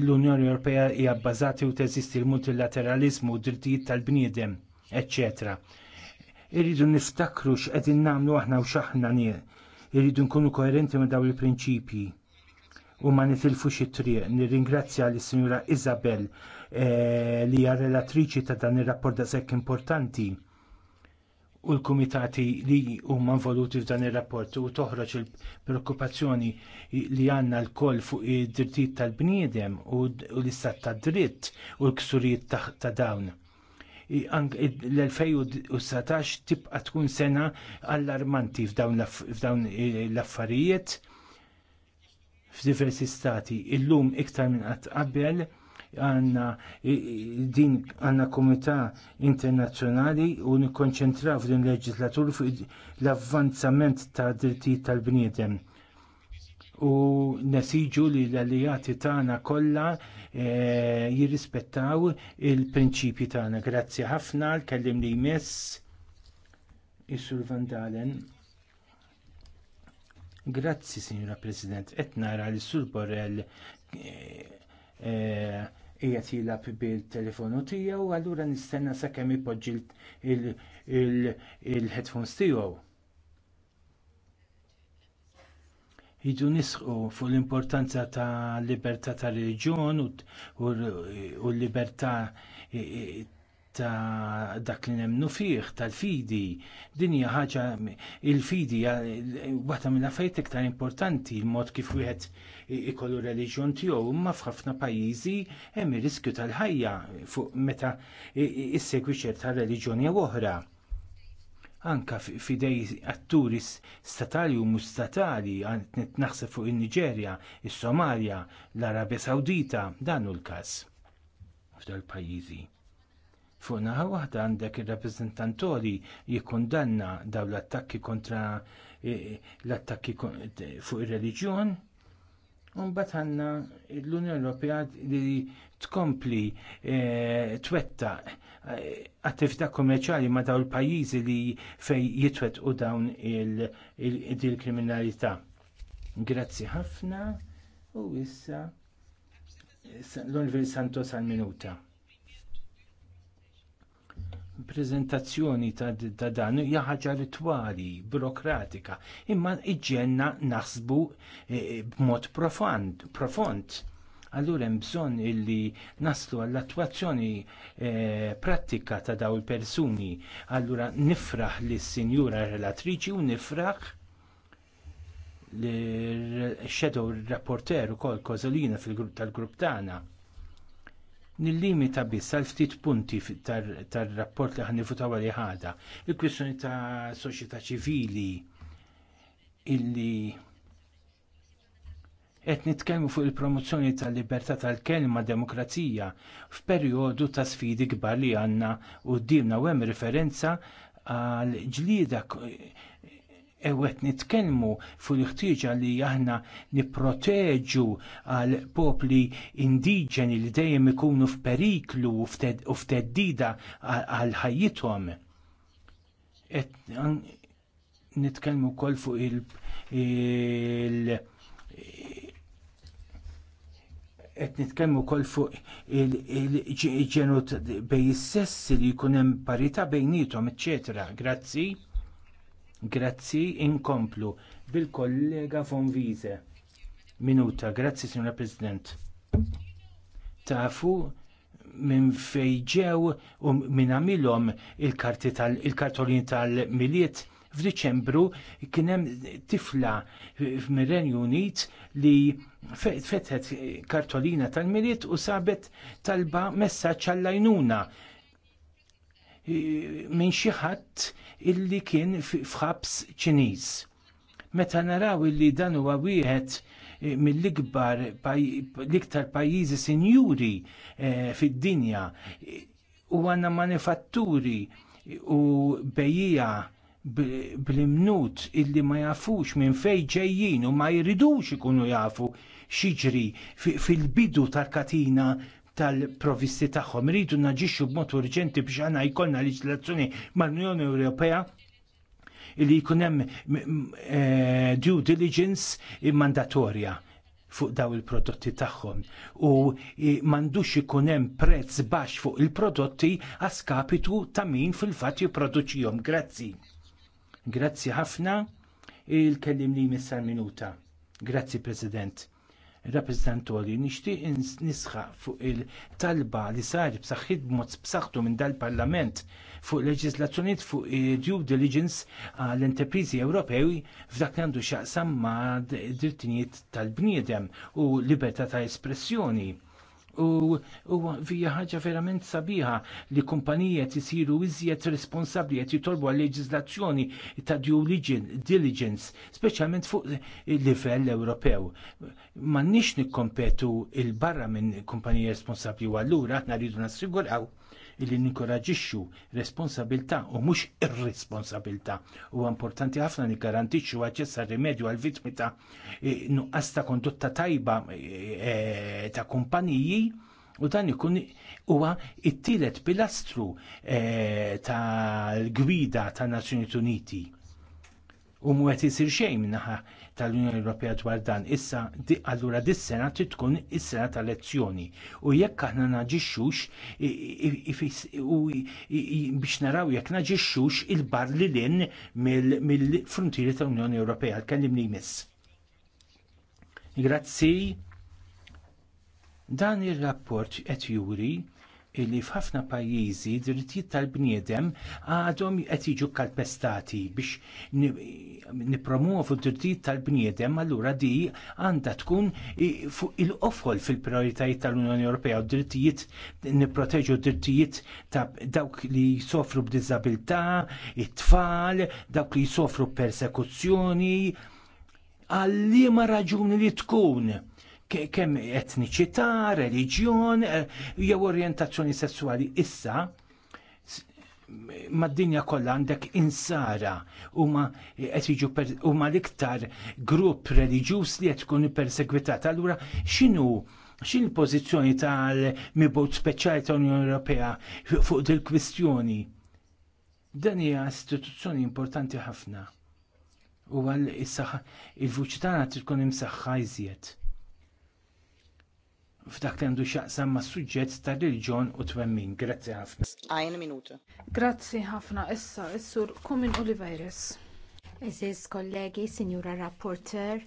l-Unjoni Ewropea hija bbażati u teżisti l-multilateralizmu, drittijiet tal-bniedem, etc. Irridu niftakru x'qegħdin nagħmlu aħna u x'aħna nier. Irridu nkunu koerenti ma' dawn il-prinċipji u ma nitilfux it-triq. Nirringrazzja lis sinjura Isabel eh, li hija relatriċi ta' dan ir-rapport da' sekk importanti u l-kumitati li huma involuti f'dan ir-rapport u toħroġ il-preokkupazzjoni li għandna lkoll fuq id-drittijiet tal-bniedem u l-istat tad dritt u l-ksurijiet ta' dawn. L-2019 tibqa' tkun sena allarmanti f'dawn eh, l-affarijiet f'diversi stati. Illum iktar minn qatt qabel għanna din għanna komità internazzjonali u nikkonċentraw f'din leġislatur fuq l-avvanzament ta' drittijiet tal-bniedem. U nesiġu li l-allijati tagħna kollha e, jirrispettaw il-prinċipji tagħna. Grazzi ħafna l-kellim li jmiss is-Sur Van Dalen. Grazzi, Signora President. Qed nara li Sur Borrell e, e, qiegħed jilab bil-telefonu tiegħu allura nistenna sakemm ipoġġi il-headphones tiegħu. Jidu nisqu fuq l-importanza ta' libertà ta' reliġjon u l-libertà ta' dak li nemnu fih, tal-fidi, dinja ħaġa, il-fidi, waħda mill affarijiet iktar importanti, il-mod kif wieħed ikollu reliġjon tiegħu, imma f'ħafna pajjiżi hemm ir riskju tal-ħajja fuq meta issegwi ċerta reliġjoni jew oħra. Anke fidej atturi statali u mhux statali, naħseb fuq in-Niġerja, is-Somalja, l-Arabja Sawdita, dan hu l-każ f'dal pajjiżi Fuq naħa waħda għandek ir-rappreżentantori jikkundanna dawn l-attakki kontra e, e, l-attakki fuq ir-reliġjon. Unbat għandna l-Unjoni Ewropea li tkompli e, twetta attività kommerċali ma dawn il-pajjiżi li fejn jitwettqu dawn il-kriminalità. Grazzi ħafna u issa l-Univers Santos għal-minuta prezentazzjoni ta', ta dan hija ħaġa ritwali, burokratika, imma iġġenna naħsbu e, e, b'mod profond. profond. Allura hemm bżonn illi naslu għall-attwazzjoni e, prattika ta' daw il-persuni. Allura nifraħ lis sinjura relatriċi u nifraħ l-shadow rapporter ukoll Kozolina fil-grupp tal-grupp tagħna nil-limita biss għal ftit punti tar-rapport li ħan nifutaw għalli ħada. Il-kwistjoni ta' soċjetà ċivili illi qed nitkellmu fuq il-promozzjoni tal-libertà tal-kelma demokrazija f'perjodu ta' sfidi kbar li għandna quddiemna u hemm referenza għal ġlieda ewet nitkellmu fuq il-ħtieġa li aħna nipproteġu għal popli indiġeni li dejjem ikunu f'periklu u f'teddida għal ħajjithom. Nitkellmu wkoll fuq il- qed nitkellmu wkoll fuq il-ġenut bej is-sessi li jkun hemm parità bejnietom, eċċetera. Grazzi. Grazzi, inkomplu bil-kollega von Wiese. Minuta, grazzi, signora President. Tafu minn fejġew u minn għamilom il-kartolin tal-miliet f'Diċembru kien hemm tifla f'Miren renju Unit li fetħet kartolina tal-miliet u sabet talba messaġġ għall-għajnuna minn xi ħadd illi kien fħabs Ċiniż. Meta naraw illi dan huwa wieħed eh, mill-ikbar l-iktar pajjiżi sinjuri eh, fid-dinja u għandna manifatturi u bejija bl-imnut illi ma jafux minn fejn ġejjin u ma jridux ikunu jafu xiġri fil-bidu tal-katina tal-provisti tagħhom. Ridu naġixxu b'mod urġenti biex għana jkollna leġislazzjoni mal-Unjoni Ewropea li jkun hemm e, due diligence mandatorja fuq daw il-prodotti tagħhom u m'għandux ikun hemm prezz baxx fuq il-prodotti għaskapitu ta' min fil-fatt jipproduċihom. Grazzi. Grazzi ħafna il-kellim li jmissar minuta. Grazzi President rappresentantori nixtieq nisħaq fuq il-talba li sar b'saħħit b'mod b'saħħtu minn dal-Parlament fuq leġislazzjoniet fuq due diligence għall enterprizi Ewropew f'dak li għandu x'aqsam ma' drittijiet tal-bniedem u libertà ta' espressjoni U fija ħaġa verament sabiħa li kumpanijiet isiru iżjed responsabbli qed jitolbu għal leġiżlazzjoni ta' due diligence, speċjalment fuq livell Ewropew. M'għandniex nikkompetu il-barra minn kumpaniji responsabbli u allura aħna rridu nassiguraw illi ninkoraġixxu responsabilità u mhux irresponsabilità. U importanti ħafna nikgarantixxu aċċess għal rimedju għal vittmi ta' e, nuqqas ta' kondotta tajba e, e, ta' kumpaniji u dan ikun huwa it-tielet pilastru tal-gwida tan Nazzjonijiet Uniti u mwet jisir xejn minnaħa tal-Unjoni Ewropea dwar dan. Issa, di, allura dis-sena tkun is-sena tal-elezzjoni. U jekk aħna naġixxux u biex naraw jekk naġixxux il-bar li l-in mill-frontieri tal-Unjoni Ewropea. Kellimni jmiss. Grazzi. Dan ir rapport qed juri li f'ħafna pajjiżi drittijiet tal-bniedem għadhom qed jiġu kalpestati biex nipromuovu drittijiet tal-bniedem allura di għandha tkun fuq il-qofol fil-prioritajiet tal-Unjoni Ewropea u drittijiet nipproteġu drittijiet ta' dawk li jsofru b'diżabilità, it-tfal, dawk li jsofru persekuzzjoni, għal liema raġuni li tkun kemm etniċità, reliġjon, eh, jew orjentazzjoni sessuali. Issa, mad-dinja kollha għandek insara huma qed huma l-iktar grupp reliġjuż li qed tkun ippersegwitat. Allura x'inhu x'in pożizzjoni tal-mibut speċjali tal-Unjoni Ewropea fuq dil kwistjoni Dan hija istituzzjoni importanti ħafna. U għal issa il-vuċi tagħna tkun imsaħħa iżjed f'dak li għandu xaqsam ma' suġġett ta' reġjon u twemmin. Grazzi ħafna. Għajna minuta. Grazzi ħafna issa, issur Kumin Oliveres. Eżiz kollegi, Sinjura Rapporter,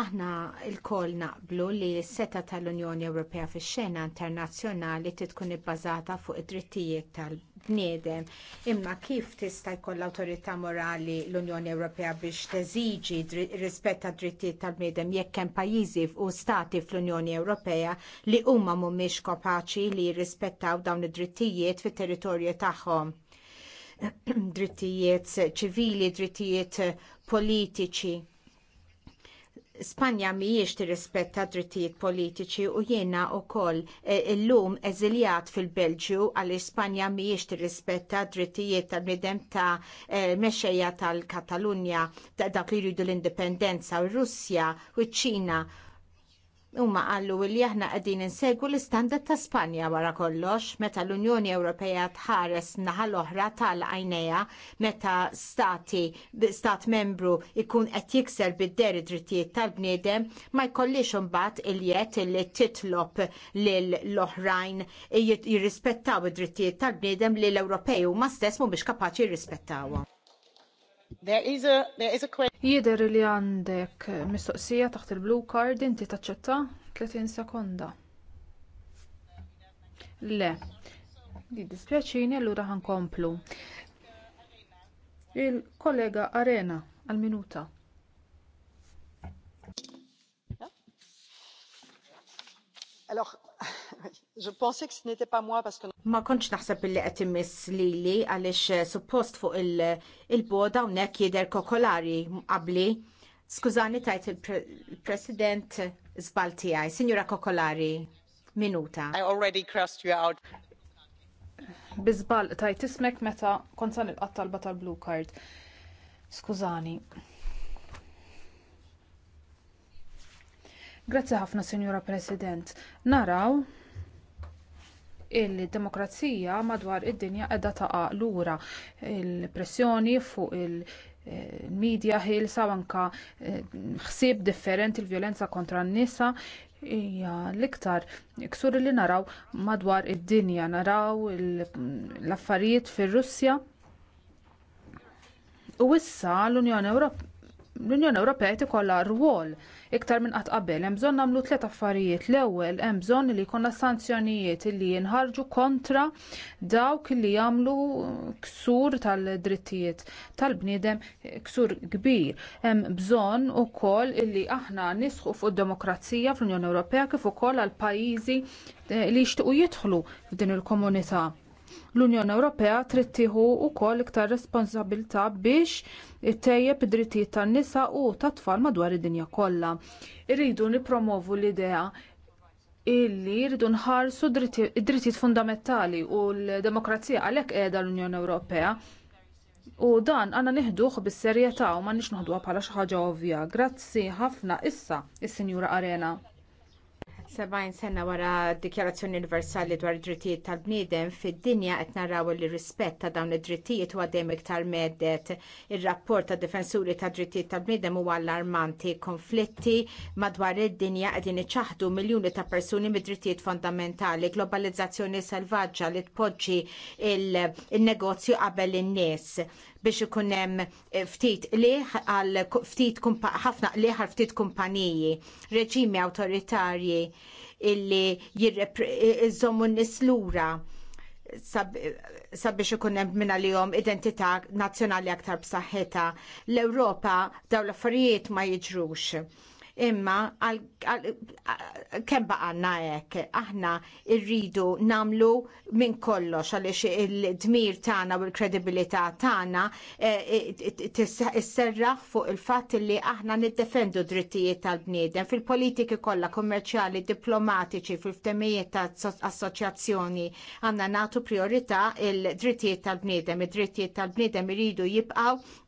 Aħna il-koll naqblu li s-seta tal-Unjoni Ewropea fix xena internazzjonali titkun ibbażata fuq id-drittijiet tal-bniedem. Imma kif tista' jkoll l awtorità morali l-Unjoni Ewropea biex teżiġi rispett tad drittijiet tal-bniedem jekk hemm pajjiżi u stati fl-Unjoni Ewropea li huma mhumiex kapaċi li jirrispettaw dawn id-drittijiet fit-territorju tagħhom. <clears throat> drittijiet ċivili, drittijiet politiċi. Spanja mhijiex tirrispetta drittijiet politiċi u jiena wkoll e, illum eżiljat fil-Belġju għal Spanja mhijiex tirrispetta drittijiet tal-bnidem ta' e, meċeja tal-Katalunja dak li jridu l-indipendenza u Russja u ċina Huma għallu li aħna qegħdin insegwu l-istandard ta' Spanja wara kollox meta l-Unjoni Ewropea tħares naħa l-oħra tal għajneja meta stati stat membru jkun qed jikser bid-deri drittijiet tal-bniedem ma jkollix imbagħad iljet li titlob lill l-oħrajn jirrispettaw id-drittijiet tal-bniedem li l-Ewropej huma stess mhumiex kapaċi jirrispettawhom. Jider li għandek mistoqsija taħt il-blue card inti taċċetta 30 sekonda. Le, dispjaċini allura ħankomplu. Il-kollega Arena għal-minuta. Alors, <laughs> Ma kontx naħseb billi qed immiss lili għaliex eh, suppost fuq il-boda u hawnhekk jidher kokolari qabli. Skużani tajt il-President żbalti għaj, Signora Kokolari, minuta. I already crossed you out. Bizbal tajt ismek meta konta nilqat talba tal-blue card. Skużani. Grazzi ħafna, Signora President. Naraw il-demokrazija madwar id-dinja qiegħda taqa' lura il-pressjoni fuq il-medja ħilsa anke eh, ħsieb differenti il-vjolenza kontra n-nisa hija l-iktar iksur li naraw madwar id-dinja naraw l-affarijiet fir-Russja u issa l-Unjoni Ewropea l-Unjoni Ewropea qed ikollha rwol iktar minn qatt qabel hemm bżonn nagħmlu tliet affarijiet. L-ewwel hemm bżonn li jkollna sanzjonijiet li jinħarġu kontra dawk li jagħmlu ksur tal-drittijiet tal-bniedem ksur kbir. Hemm bżonn ukoll li aħna nisħu fuq id-demokrazija fl-Unjoni Ewropea kif ukoll għal pajjiżi eh, li jixtiequ jidħlu f'din il-komunità L-Unjoni Ewropea trid tieħu wkoll iktar responsabilità biex ittejjeb id-drittijiet tan-nisa u tat-tfal madwar id-dinja kollha. Irridu nippromovu l-idea illi jridu nħarsu id-drittijiet fundamentali u l-demokrazija għalhekk qiegħda l-Unjoni Ewropea. U dan għanna nieħduh bis-serjetà u ma nix noħduha bħala xi ħaġa ovvja. Grazzi ħafna issa is-Sinjura Arena. Seba'jn sena wara d Dikjarazzjoni Universali dwar id-drittijiet tal-bniedem fid-dinja qed naraw li rispett ta' dawn id-drittijiet huwa dejjem iktar medet. Ir-rapport tad difensuri tad drittijiet tal-bniedem huwa allarmanti. Konflitti madwar id-dinja qegħdin iċaħdu miljuni ta' persuni mid-drittijiet fondamentali, globalizzazzjoni selvaġġa li tpoġġi il-negozju qabel in-nies biex ikun hemm eh, ftit liħ għal ftit ħafna liħ għal ftit kumpaniji, reġimi awtoritarji illi jżommu eh, nislura sabiex ikun hemm minna li jom identità nazzjonali aktar b'saħħitha. L-Ewropa dawn l-affarijiet ma jiġrux imma kemm baqanna hekk aħna rridu namlu minn kollox għaliex il-dmir tagħna u l-kredibilità tagħna eh, eh, serraħ fuq il fat li aħna niddefendu drittijiet tal-bniedem fil-politiki kollha kommerċjali diplomatiċi, fil-ftemijiet ta' assoċjazzjoni għandna nagħtu priorità il-drittijiet tal-bniedem, id-drittijiet tal-bniedem irridu jibqgħu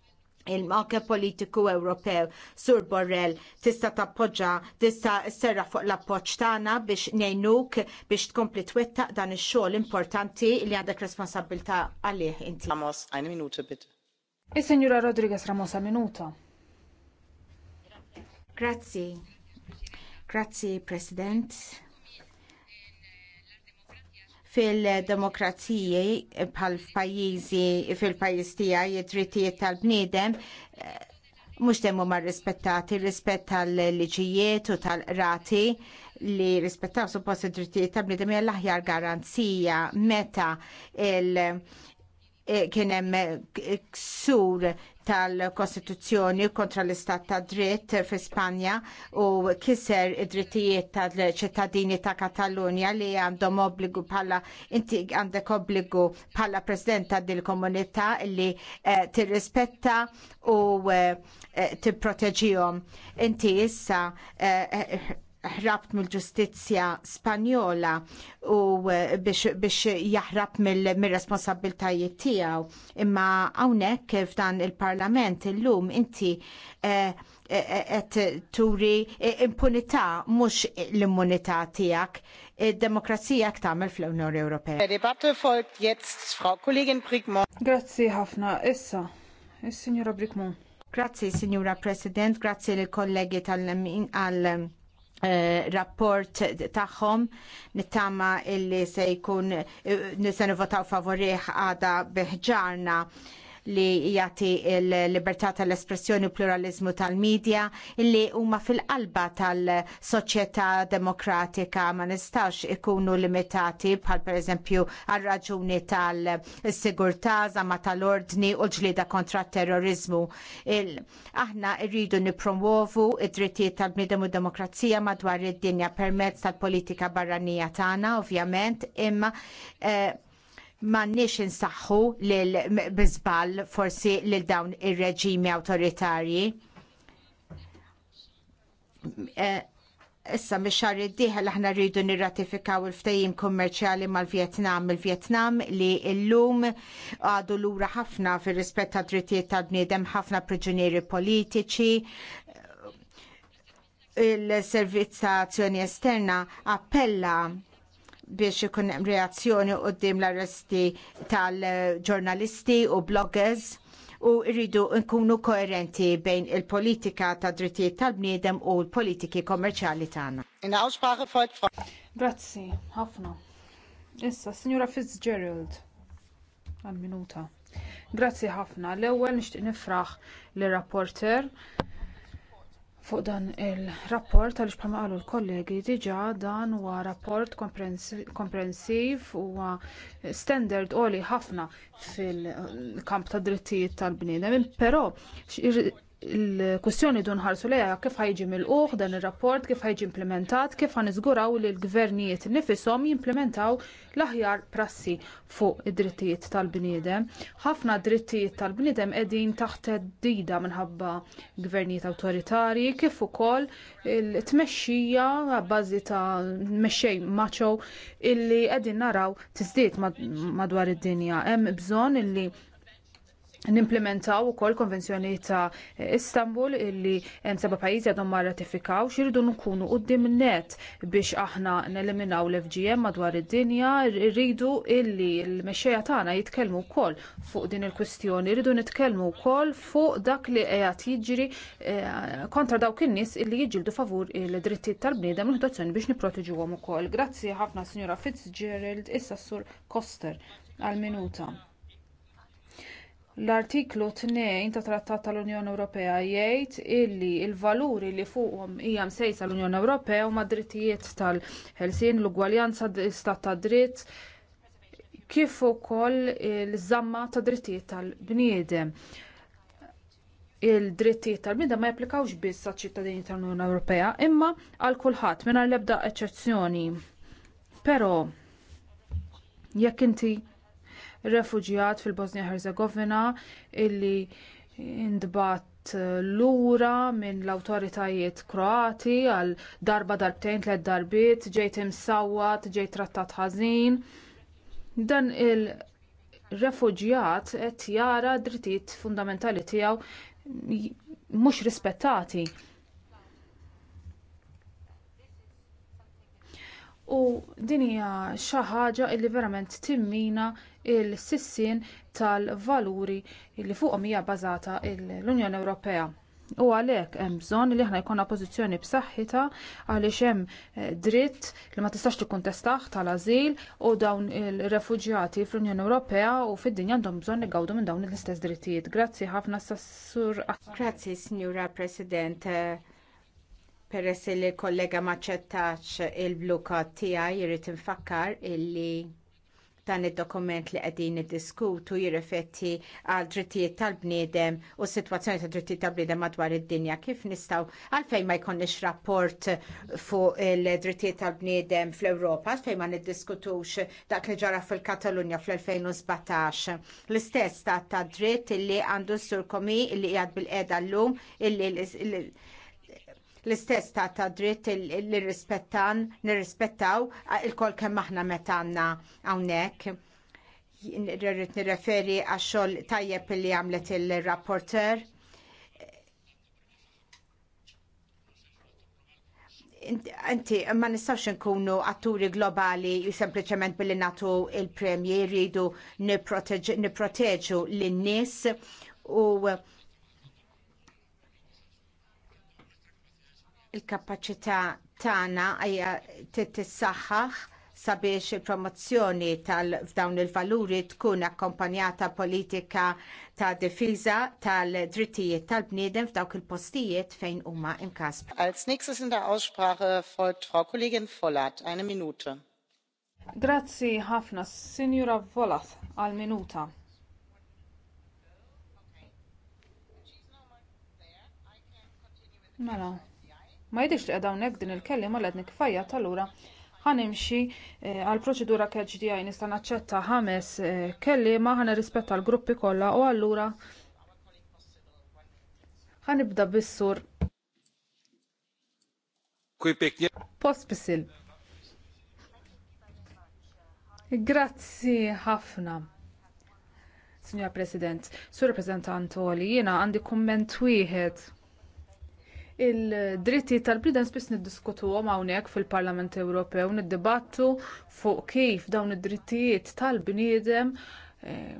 il-marke politiku Ewropew, Sur Borrell, tista tappoġġa, tista serra fuq l-appoġġ tagħna biex ngħinuk biex tkompli twettaq dan ix-xogħol importanti li għandek responsabilità għalih inti. Ramos, għajn minuta bit. Is-Sinjura e, Rodriguez Ramos a minuta. Grazzi. Grazzi, President fil-demokrazija bħal pajjiżi fil-pajjiż tiegħi id-drittijiet tal-bniedem eh, mhux dejjem huma rrispettati rispett tal-liġijiet u tal-qrati li rispettaw suppost id-drittijiet tal-bniedem hija l-aħjar garanzija meta il eh, kien hemm ksur tal-Kostituzzjoni kontra l-Istat ta' dritt fi Spanja u kiser id-drittijiet tal-ċittadini ta' Katalunja li għandhom obbligu bħala inti għandek obbligu bħala presidenta dil komunità li eh, tirrispetta u eh, eh tipproteġihom. Inti issa eh, eh ħrabt mill-ġustizzja Spanjola u eh, biex, jaħrab mill-responsabiltajiet tiegħu. Imma hawnhekk f'dan il-Parlament illum inti eh, eh, qed turi impunità mhux l-immunità tiegħek. Id-demokrazija tagħmel fl-Unjoni Ewropea. Debatte Frau Kollegin Grazzi ħafna issa. Is-Sinjura Brickmont. Grazzi, Signora President, grazzi l kollegi tal-lemin għal Eh, rapport tagħhom nittama illi se jkun eh, nisen votaw favorih għada biħġarna li jagħti l-libertà tal-espressjoni u pluralizmu tal-medja li huma fil-qalba tal-soċjetà demokratika ma nistax ikunu limitati bħal pereżempju għal raġuni tal-sigurtà, żama tal-ordni u l-ġlieda kontra t terrorizmu. Aħna rridu nippromuovu id-drittijiet tal bnidem u demokrazija madwar id-dinja permezz tal-politika barranija tagħna, ovvjament, imma eh, m'għandniex insaħħu lil bizbal forsi lil dawn ir-reġimi awtoritarji. Eh, issa mi xahar id-dieħel aħna rridu nirratifikaw il ftajim kummerċjali mal-Vjetnam. Il-Vjetnam li llum għadu lura ħafna fir-rispett tad drittijiet tal-bniedem ħafna priġunieri politiċi, il servizzazzjoni esterna appella biex ikun hemm reazzjoni quddiem l-arresti tal-ġurnalisti u bloggers u rridu nkunu koerenti bejn il-politika ta' drittijiet tal-bniedem u l-politiki kommerċjali tagħna. Grazzi, ħafna. Issa, Signora Fitzgerald, għal minuta. Grazzi ħafna. L-ewwel nixtieq nifraħ l-rapporter fuq dan il-rapport għaliex bħalma qalu l-kollegi diġà dan huwa rapport komprensiv huwa standard għoli ħafna fil-kamp tad drittijiet tal-bniedem, però il kwistjoni dun ħarsu leja kif ħajġi mill-uħ dan il-rapport, kif ħajġi implementat, kif izguraw li l-gvernijiet nifisom jimplementaw l-aħjar prassi fuq id-drittijiet tal-bniedem. ħafna drittijiet tal-bniedem edin taħt dida minħabba gvernijiet autoritari, kif ukoll il-tmexxija bażi ta' mexxej maċow illi edin naraw tizdiet madwar id-dinja. Hemm bżonn illi nimplementaw ukoll konvenzjoni ta' Istanbul illi hemm seba' pajjiżi għadhom ma rratifikaw xirridu nkunu quddiem net biex aħna neliminaw l-FGM madwar id-dinja rridu illi l mexxeja tagħna jitkellmu wkoll fuq din il-kwistjoni, rridu nitkellmu wkoll fuq dak li qiegħed jiġri eh, kontra dawk in-nies illi jiġġieldu favur il-drittijiet tal-bniedem u l biex nipproteġuhom ukoll. Grazzi ħafna Sinjura Fitzgerald issa sur Koster għal-minuta. L-artiklu 2 ta' Trattat tal-Unjoni Ewropea jgħid illi l il valuri li fuqhom hija msejsa l-Unjoni Ewropea huma drittijiet tal-ħelsien, l-ugwaljanza, stat istat ta' dritt, kif ukoll l-żamma ta' drittijiet tal-bniedem. Il-drittijiet tal-bniedem ma japplikawx biss għaċ-ċittadini tal-Unjoni Ewropea, imma għal kulħadd mingħajr l-ebda eċċezzjoni. Però jekk inti refuġjat fil-Bosnia Herzegovina illi ndbat lura minn l-awtoritajiet kroati għal darba darbtejn tliet darbiet, ġejt imsawwat, ġejt trattat ħażin. Dan il refuġjat qed jara drittijiet fundamentali tiegħu mhux rispettati u din hija xi ħaġa li verament timmina l sissien tal-valuri li fuqhom hija bbażata l-Unjoni Ewropea. U għalhekk hemm bżonn li aħna jkollna pożizzjoni b'saħħitha għaliex hemm eh, dritt li ma tistax tikkuntestaħ tal-ażil u dawn ir-refuġjati fl-Unjoni Ewropea u fid-dinja għandhom bżonn igawdu minn dawn l-istess drittijiet. Grazzi ħafna sassur. Grazzi, Signora President. Eh, Peress li l-kollega maċċettax il-blu tiegħi jrid infakkar illi dan id-dokument li qegħdin niddiskutu jirrifletti għal drittijiet tal-bniedem u s-sitwazzjoni ta' drittijiet tal-bniedem madwar id-dinja kif nistgħu għalfejn ma jkollniex rapport fuq il-drittijiet tal-bniedem fl-Ewropa għalfejn ma niddiskutux dak li ġara fil-Katalunja fl-2017. L-istess ta' ta' dritt illi għandu s-surkomi illi jgħad bil-qeda l-lum illi l-istess ta' ta' dritt li rispettan, nirrispettaw il-kol kemm aħna meta għandna hawnhekk. nirreferi għax-xogħol tajjeb li għamlet il-rapporter. Inti, ma nistawx nkunu atturi globali sempliciment billi natu il-premji, rridu niproteġu l-nis u il-kapaċità tagħna hija titissaħħaħ sabiex il-promozzjoni tal-dawn il-valuri tkun akkompanjata politika ta' difiża tal-drittijiet tal-bniedem f'dawk il-postijiet fejn huma imkasb. Als nächstes in der Aussprache folgt Frau Kollegin Vollat, eine Minute. Grazzi ħafna, Signora Vollat, għal minuta. Mela, Ma jidhirx li qiegħda hawnhekk din il-kelliema li qed nikfajja talura ħanimxi eh, għal proċedura catch DI nista' naċċetta ħames eh, kelliema ħa nirrispetta l-gruppi kollha u allura ħanibda bis-sur Post bisil. Grazzi ħafna. Signor President, Sur Reprezentant jiena għandi kumment wieħed il-dritti tal bidan spiss niddiskutuhom hawnhekk fil-Parlament Ewropew niddibattu fuq kif dawn id-drittijiet tal-bniedem eh,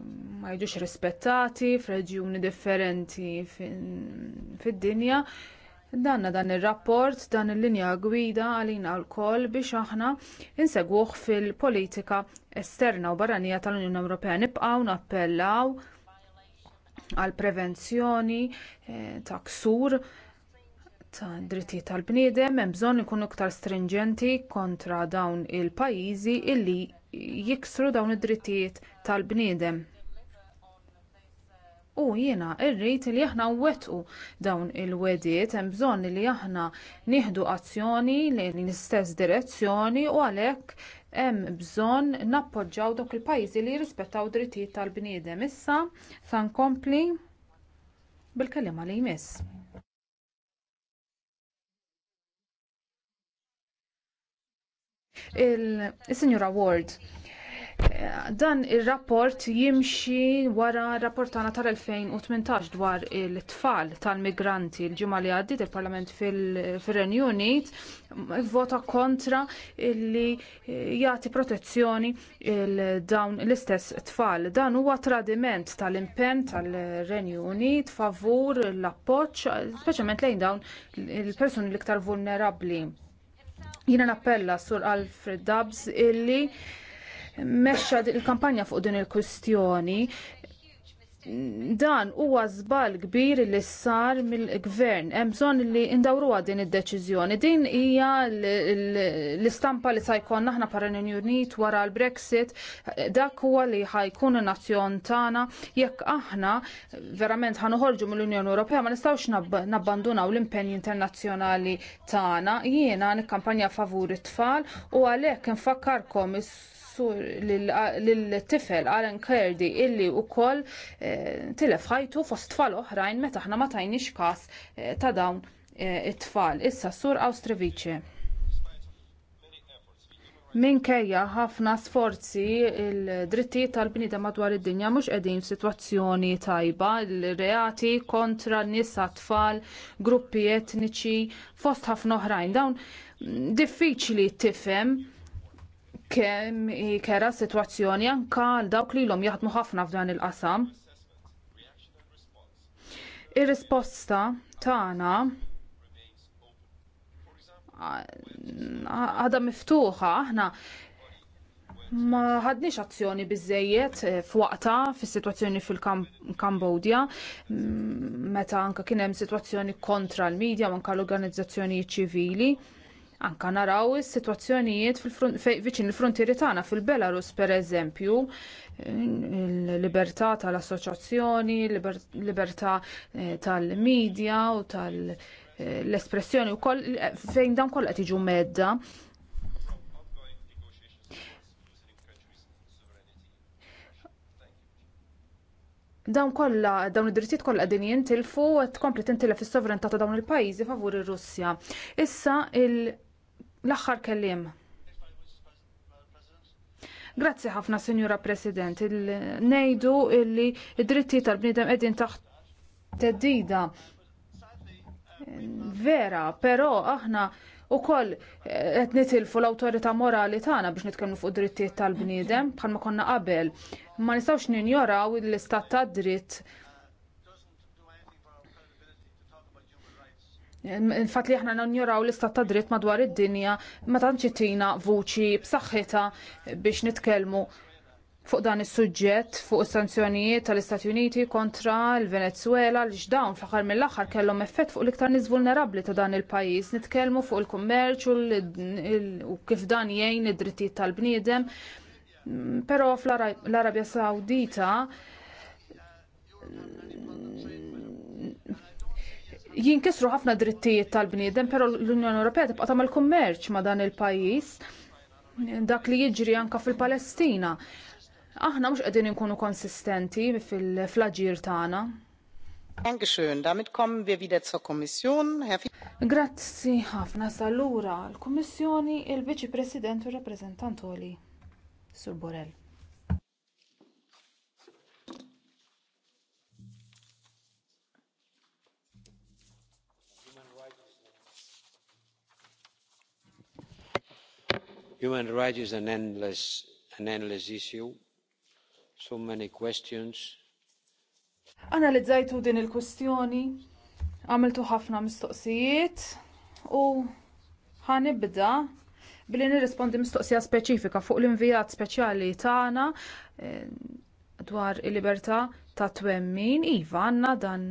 ma jiġux rispettati f'reġjuni differenti fid-dinja. Danna dan ir-rapport, dan il-linja gwida għalina l-koll biex aħna insegwuh fil-politika esterna u barranija tal-Unjoni Ewropea nibqgħu nappellaw għal prevenzjoni eh, ta' ksur ta' drittijiet tal-bniedem hemm bżonn ikunu iktar stringenti kontra dawn il-pajjiżi illi jiksru dawn id-drittijiet tal-bniedem. U jiena rrid li aħna nwettqu dawn il-wediet hemm bżonn li aħna nieħdu azzjoni lejn l-istess direzzjoni u għalhekk hemm bżonn nappoġġjaw dawk il-pajjiżi li jirrispettaw drittijiet tal-bniedem. Issa sankompli nkompli bil-kelliema li jmiss. il-Sinjura Ward. Dan il-rapport jimxi wara rapport tagħna tal-2018 dwar il-tfal tal-migranti l-ġimgħa li għaddit il-Parlament fil-Renju Unit vota kontra li jagħti protezzjoni dawn l-istess tfal. Dan huwa tradiment tal-impenn tal-Renju Unit favur l-appoġġ speċjalment lejn dawn il-persuni l-iktar vulnerabbli Jina nappella sur Alfred Dubs illi meċċa il-kampanja fuq din il-kwistjoni dan huwa żball kbir li sar mill-gvern. Hemm bżonn li ndawruha din id-deċiżjoni. Din hija l-istampa li sajkon aħna para Unit wara l-Brexit. Dak huwa li ħajkun in-nazzjon tagħna jekk aħna verament ħanoħorġu mill-Unjoni Ewropea ma nistgħux nabbandunaw l-impenn internazzjonali tagħna. Jiena nikkampanja favur it-tfal u għalhekk infakkarkom is sur lill-tifel Alan Kerdi illi wkoll eh, tilef ħajtu fost tfal oħrajn meta aħna ma tajniex każ eh, ta' dawn eh, it-tfal. Issa sur Min Minkejja ħafna sforzi il-drittijiet tal-bnida madwar id-dinja mhux qegħdin f'sitwazzjoni tajba, il-reati kontra nisa tfal, gruppi etniċi, fost ħafna oħrajn. Dawn diffiċli tifhem kemm kera situazzjoni anka għal dawk li l-om jaħdmu ħafna f'dan il-qasam. Ir-risposta tagħna għadha miftuħa aħna Ma ħadniex azzjoni biżejjed f'waqta fis-sitwazzjoni fil-Kambodja meta anka kien hemm sitwazzjoni kontra l-medja u anka l-organizzazzjonijiet ċivili. Anka naraw is-sitwazzjonijiet fiċin il-frontieri tagħna fil-Belarus pereżempju, libertà tal-assoċjazzjoni, eh, libertà tal-medja u tal-espressjoni eh, wkoll eh, fejn dan kollha tiġu medda. dawn kollha dawn id-drittijiet kollha qegħdin jintilfu qed tkompli tintilef is-sovranità ta' dawn il-pajjiżi favur ir-Russja. Issa il- L-aħħar kellim. Grazzi ħafna, Sinjura President, il-nejdu illi id-dritti tal-bnidem edin taħt teddida. Vera, pero aħna u koll eh, qed nitilfu l-awtorità morali tagħna biex nitkellmu fuq drittijiet tal-bniedem bħalma konna qabel. Ma nistgħux ninjoraw l-istat ta' dritt Infat li aħna nanjuraw l-istat ta' dritt madwar id-dinja ma tantxitina vuċi b'saħħitha biex nitkellmu fuq dan is-suġġett fuq is-sanzjonijiet tal-Istati Uniti kontra l-Venezuela li x'dawn fl-aħħar mill-aħħar kellhom effett fuq l-iktar nies vulnerabbli ta' dan il-pajjiż. Nitkellmu fuq il-kummerċ u kif dan jgħin id-drittijiet tal-bniedem. Però fl-Arabja Sawdita jinkisru ħafna drittijiet tal-bniedem, però l-Unjoni Ewropea tibqa' tagħmel kummerċ ma' dan il-pajjiż dak li jiġri anka fil-Palestina. Aħna mhux qegħdin inkunu konsistenti fil-flaġir tagħna. Dankeschön, damit kommen wir wieder zur Kommission. Grazzi ħafna salura l-Kummissjoni il-Viċi President u Oli Sur Borrell. human rights is an endless, an endless issue, so many questions. Analizzajtu din il-kwestjoni, għamiltu ħafna mistoqsijiet u ħanibda billi nirrispondi mistoqsija speċifika fuq l-invijat speċjali tagħna eh, dwar il-libertà ta' twemmin. Iva, għandna dan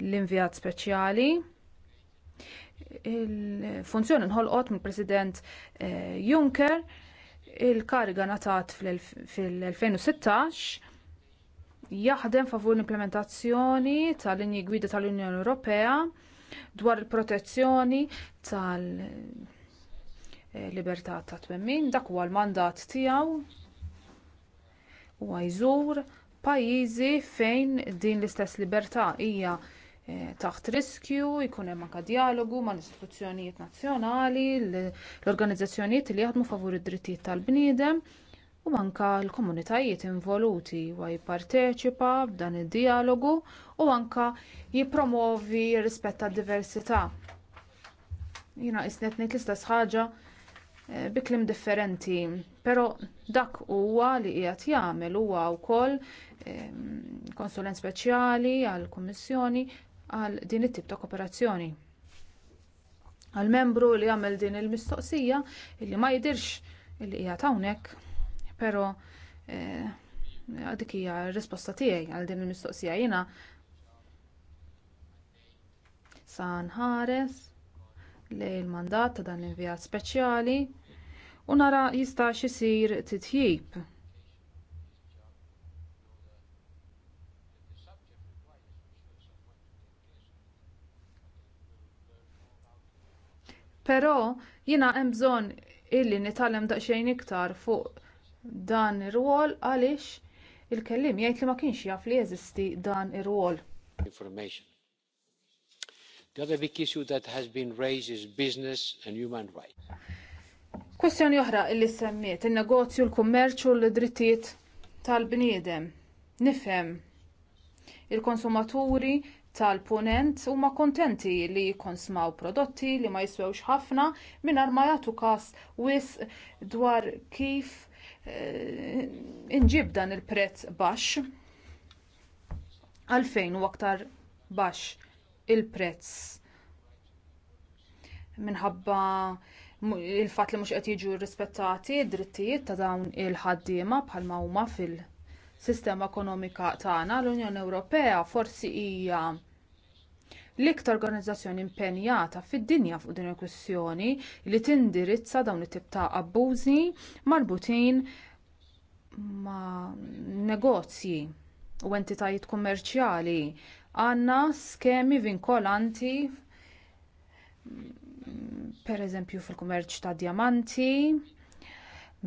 l-invijat speċjali il-funzjoni nħolqot mill president eh, Juncker il-kariga natat fil-2016 jaħdem favur l-implementazzjoni tal-linji gwida tal-Unjoni Ewropea dwar il-protezzjoni tal-libertà eh, ta' twemmin dak huwa l-mandat tiegħu huwa jżur pajjiżi fejn din l-istess libertà hija Eh, taħt riskju, jkun hemm anke dialogu mal istituzzjonijiet nazzjonali, l-organizzazzjonijiet li jaħdmu favur id-drittijiet tal-bniedem u anke l-komunitajiet involuti wa jipparteċipa f'dan id-dialogu u anke jippromovi rispett tad-diversità. Jiena isnet ngħid l-istess ħaġa eh, bi kliem differenti, però dak huwa li qiegħed jagħmel huwa wkoll ehm, konsulent speċjali għall kummissjoni għal din it-tip ta' kooperazzjoni. Għal membru li għamel din il-mistoqsija illi ma jidirx illi hija hawnhekk, però eh, dik hija r-risposta tiegħi għal din il-mistoqsija jiena sa nħares lejn il-mandat ta' dan l-invjat speċjali u nara jista' xisir titjib Però jiena hemm bżonn illi nitgħallem daqsxejn iktar fuq dan ir-rwol għaliex il-kellim jgħid li ma kienx jaf li jeżisti dan ir-rwol. The other big issue that has been raised is business and human rights. Kwestjoni oħra illi semmiet, il-negozju, l-kummerċu, l-drittijiet tal-bniedem. Nifhem il-konsumaturi tal-punent huma kuntenti li jikkonsmaw prodotti li ma jiswewx ħafna mingħajr ma jagħtu każ wisq dwar kif eh, inġib dan il-prezz baxx. Għalfejn u aktar baxx il-prezz minħabba il-fatt li mhux qed jiġu rispettati d-drittijiet ta' dawn il-ħaddiema bħalma huma fil- sistema ekonomika tagħna l-Unjoni Ewropea forsi hija l-iktar organizzazzjoni impenjata fid-dinja fuq din il-kwistjoni li tindirizza dawn it-tip ta' abbużi marbutin ma' negozji u entitajiet kummerċjali għandna skemi vinkolanti pereżempju fil-kummerċ ta' diamanti,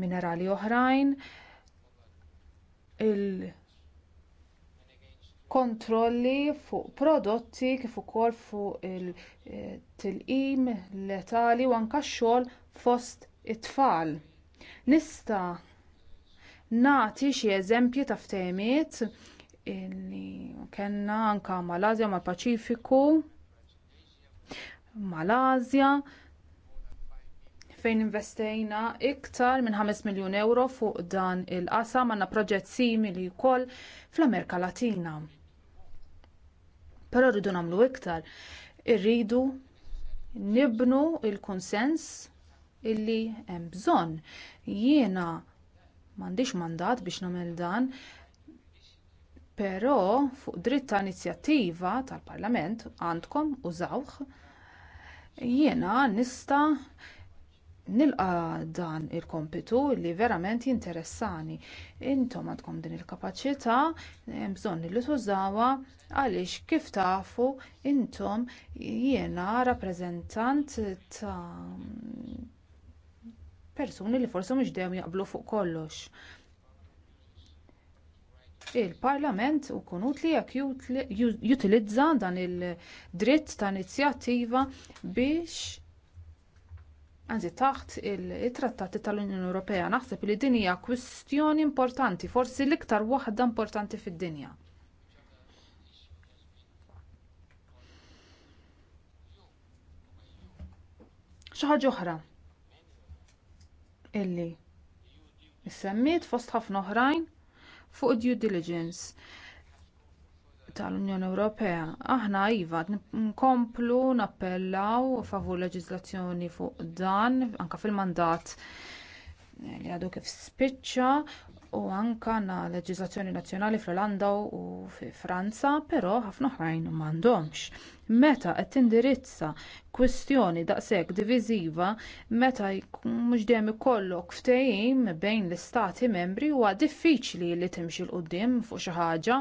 minerali oħrajn, il- kontrolli fuq prodotti kif ukoll fuq il-tilqim letali u anke x-xogħol fost it-tfal. Nista' nagħti xi eżempji ta' ftehimiet li kellna anke mal mal-Paċifiku mal fejn investejna iktar minn 5 miljun euro fuq dan il-qasam għandna proġett simili wkoll fl-Amerika Latina. Però rridu nagħmlu iktar. Irridu nibnu il-konsens illi hemm bżonn. Jiena m'għandix mandat biex nagħmel dan, però fuq dritt ta' inizjattiva tal-Parlament għandkom użawh jiena nista' nilqa dan il-kompitu li verament jinteressani. Intom għandkom din il-kapacità, bżonn li tużawa għaliex kif tafu intom jiena rappreżentant ta' persuni li forsi mhux dew jaqblu fuq kollox. Il-Parlament ukun li jekk jutilizza dan il-dritt ta' inizjattiva biex anzi taħt il-trattati tal-Unjoni Ewropea naħseb li din hija kwistjoni importanti, forsi l-iktar waħda importanti fid-dinja. Xi ħaġa oħra illi issemmiet fost ħafna oħrajn fuq due diligence tal-Unjoni Ewropea. Aħna iva nkomplu nappellaw favur leġiżlazzjoni fuq dan anke fil-mandat li għadu kif spiċċa u anke na leġiżlazzjoni nazzjonali fl-Olanda u fi Franza, però ħafna oħrajn m'għandhomx. Meta qed tindirizza kwistjoni daqshekk diviżiva, meta mhux dejjem ikollok ftehim bejn l-istati membri huwa diffiċli li timxi l qudiem fuq xi ħaġa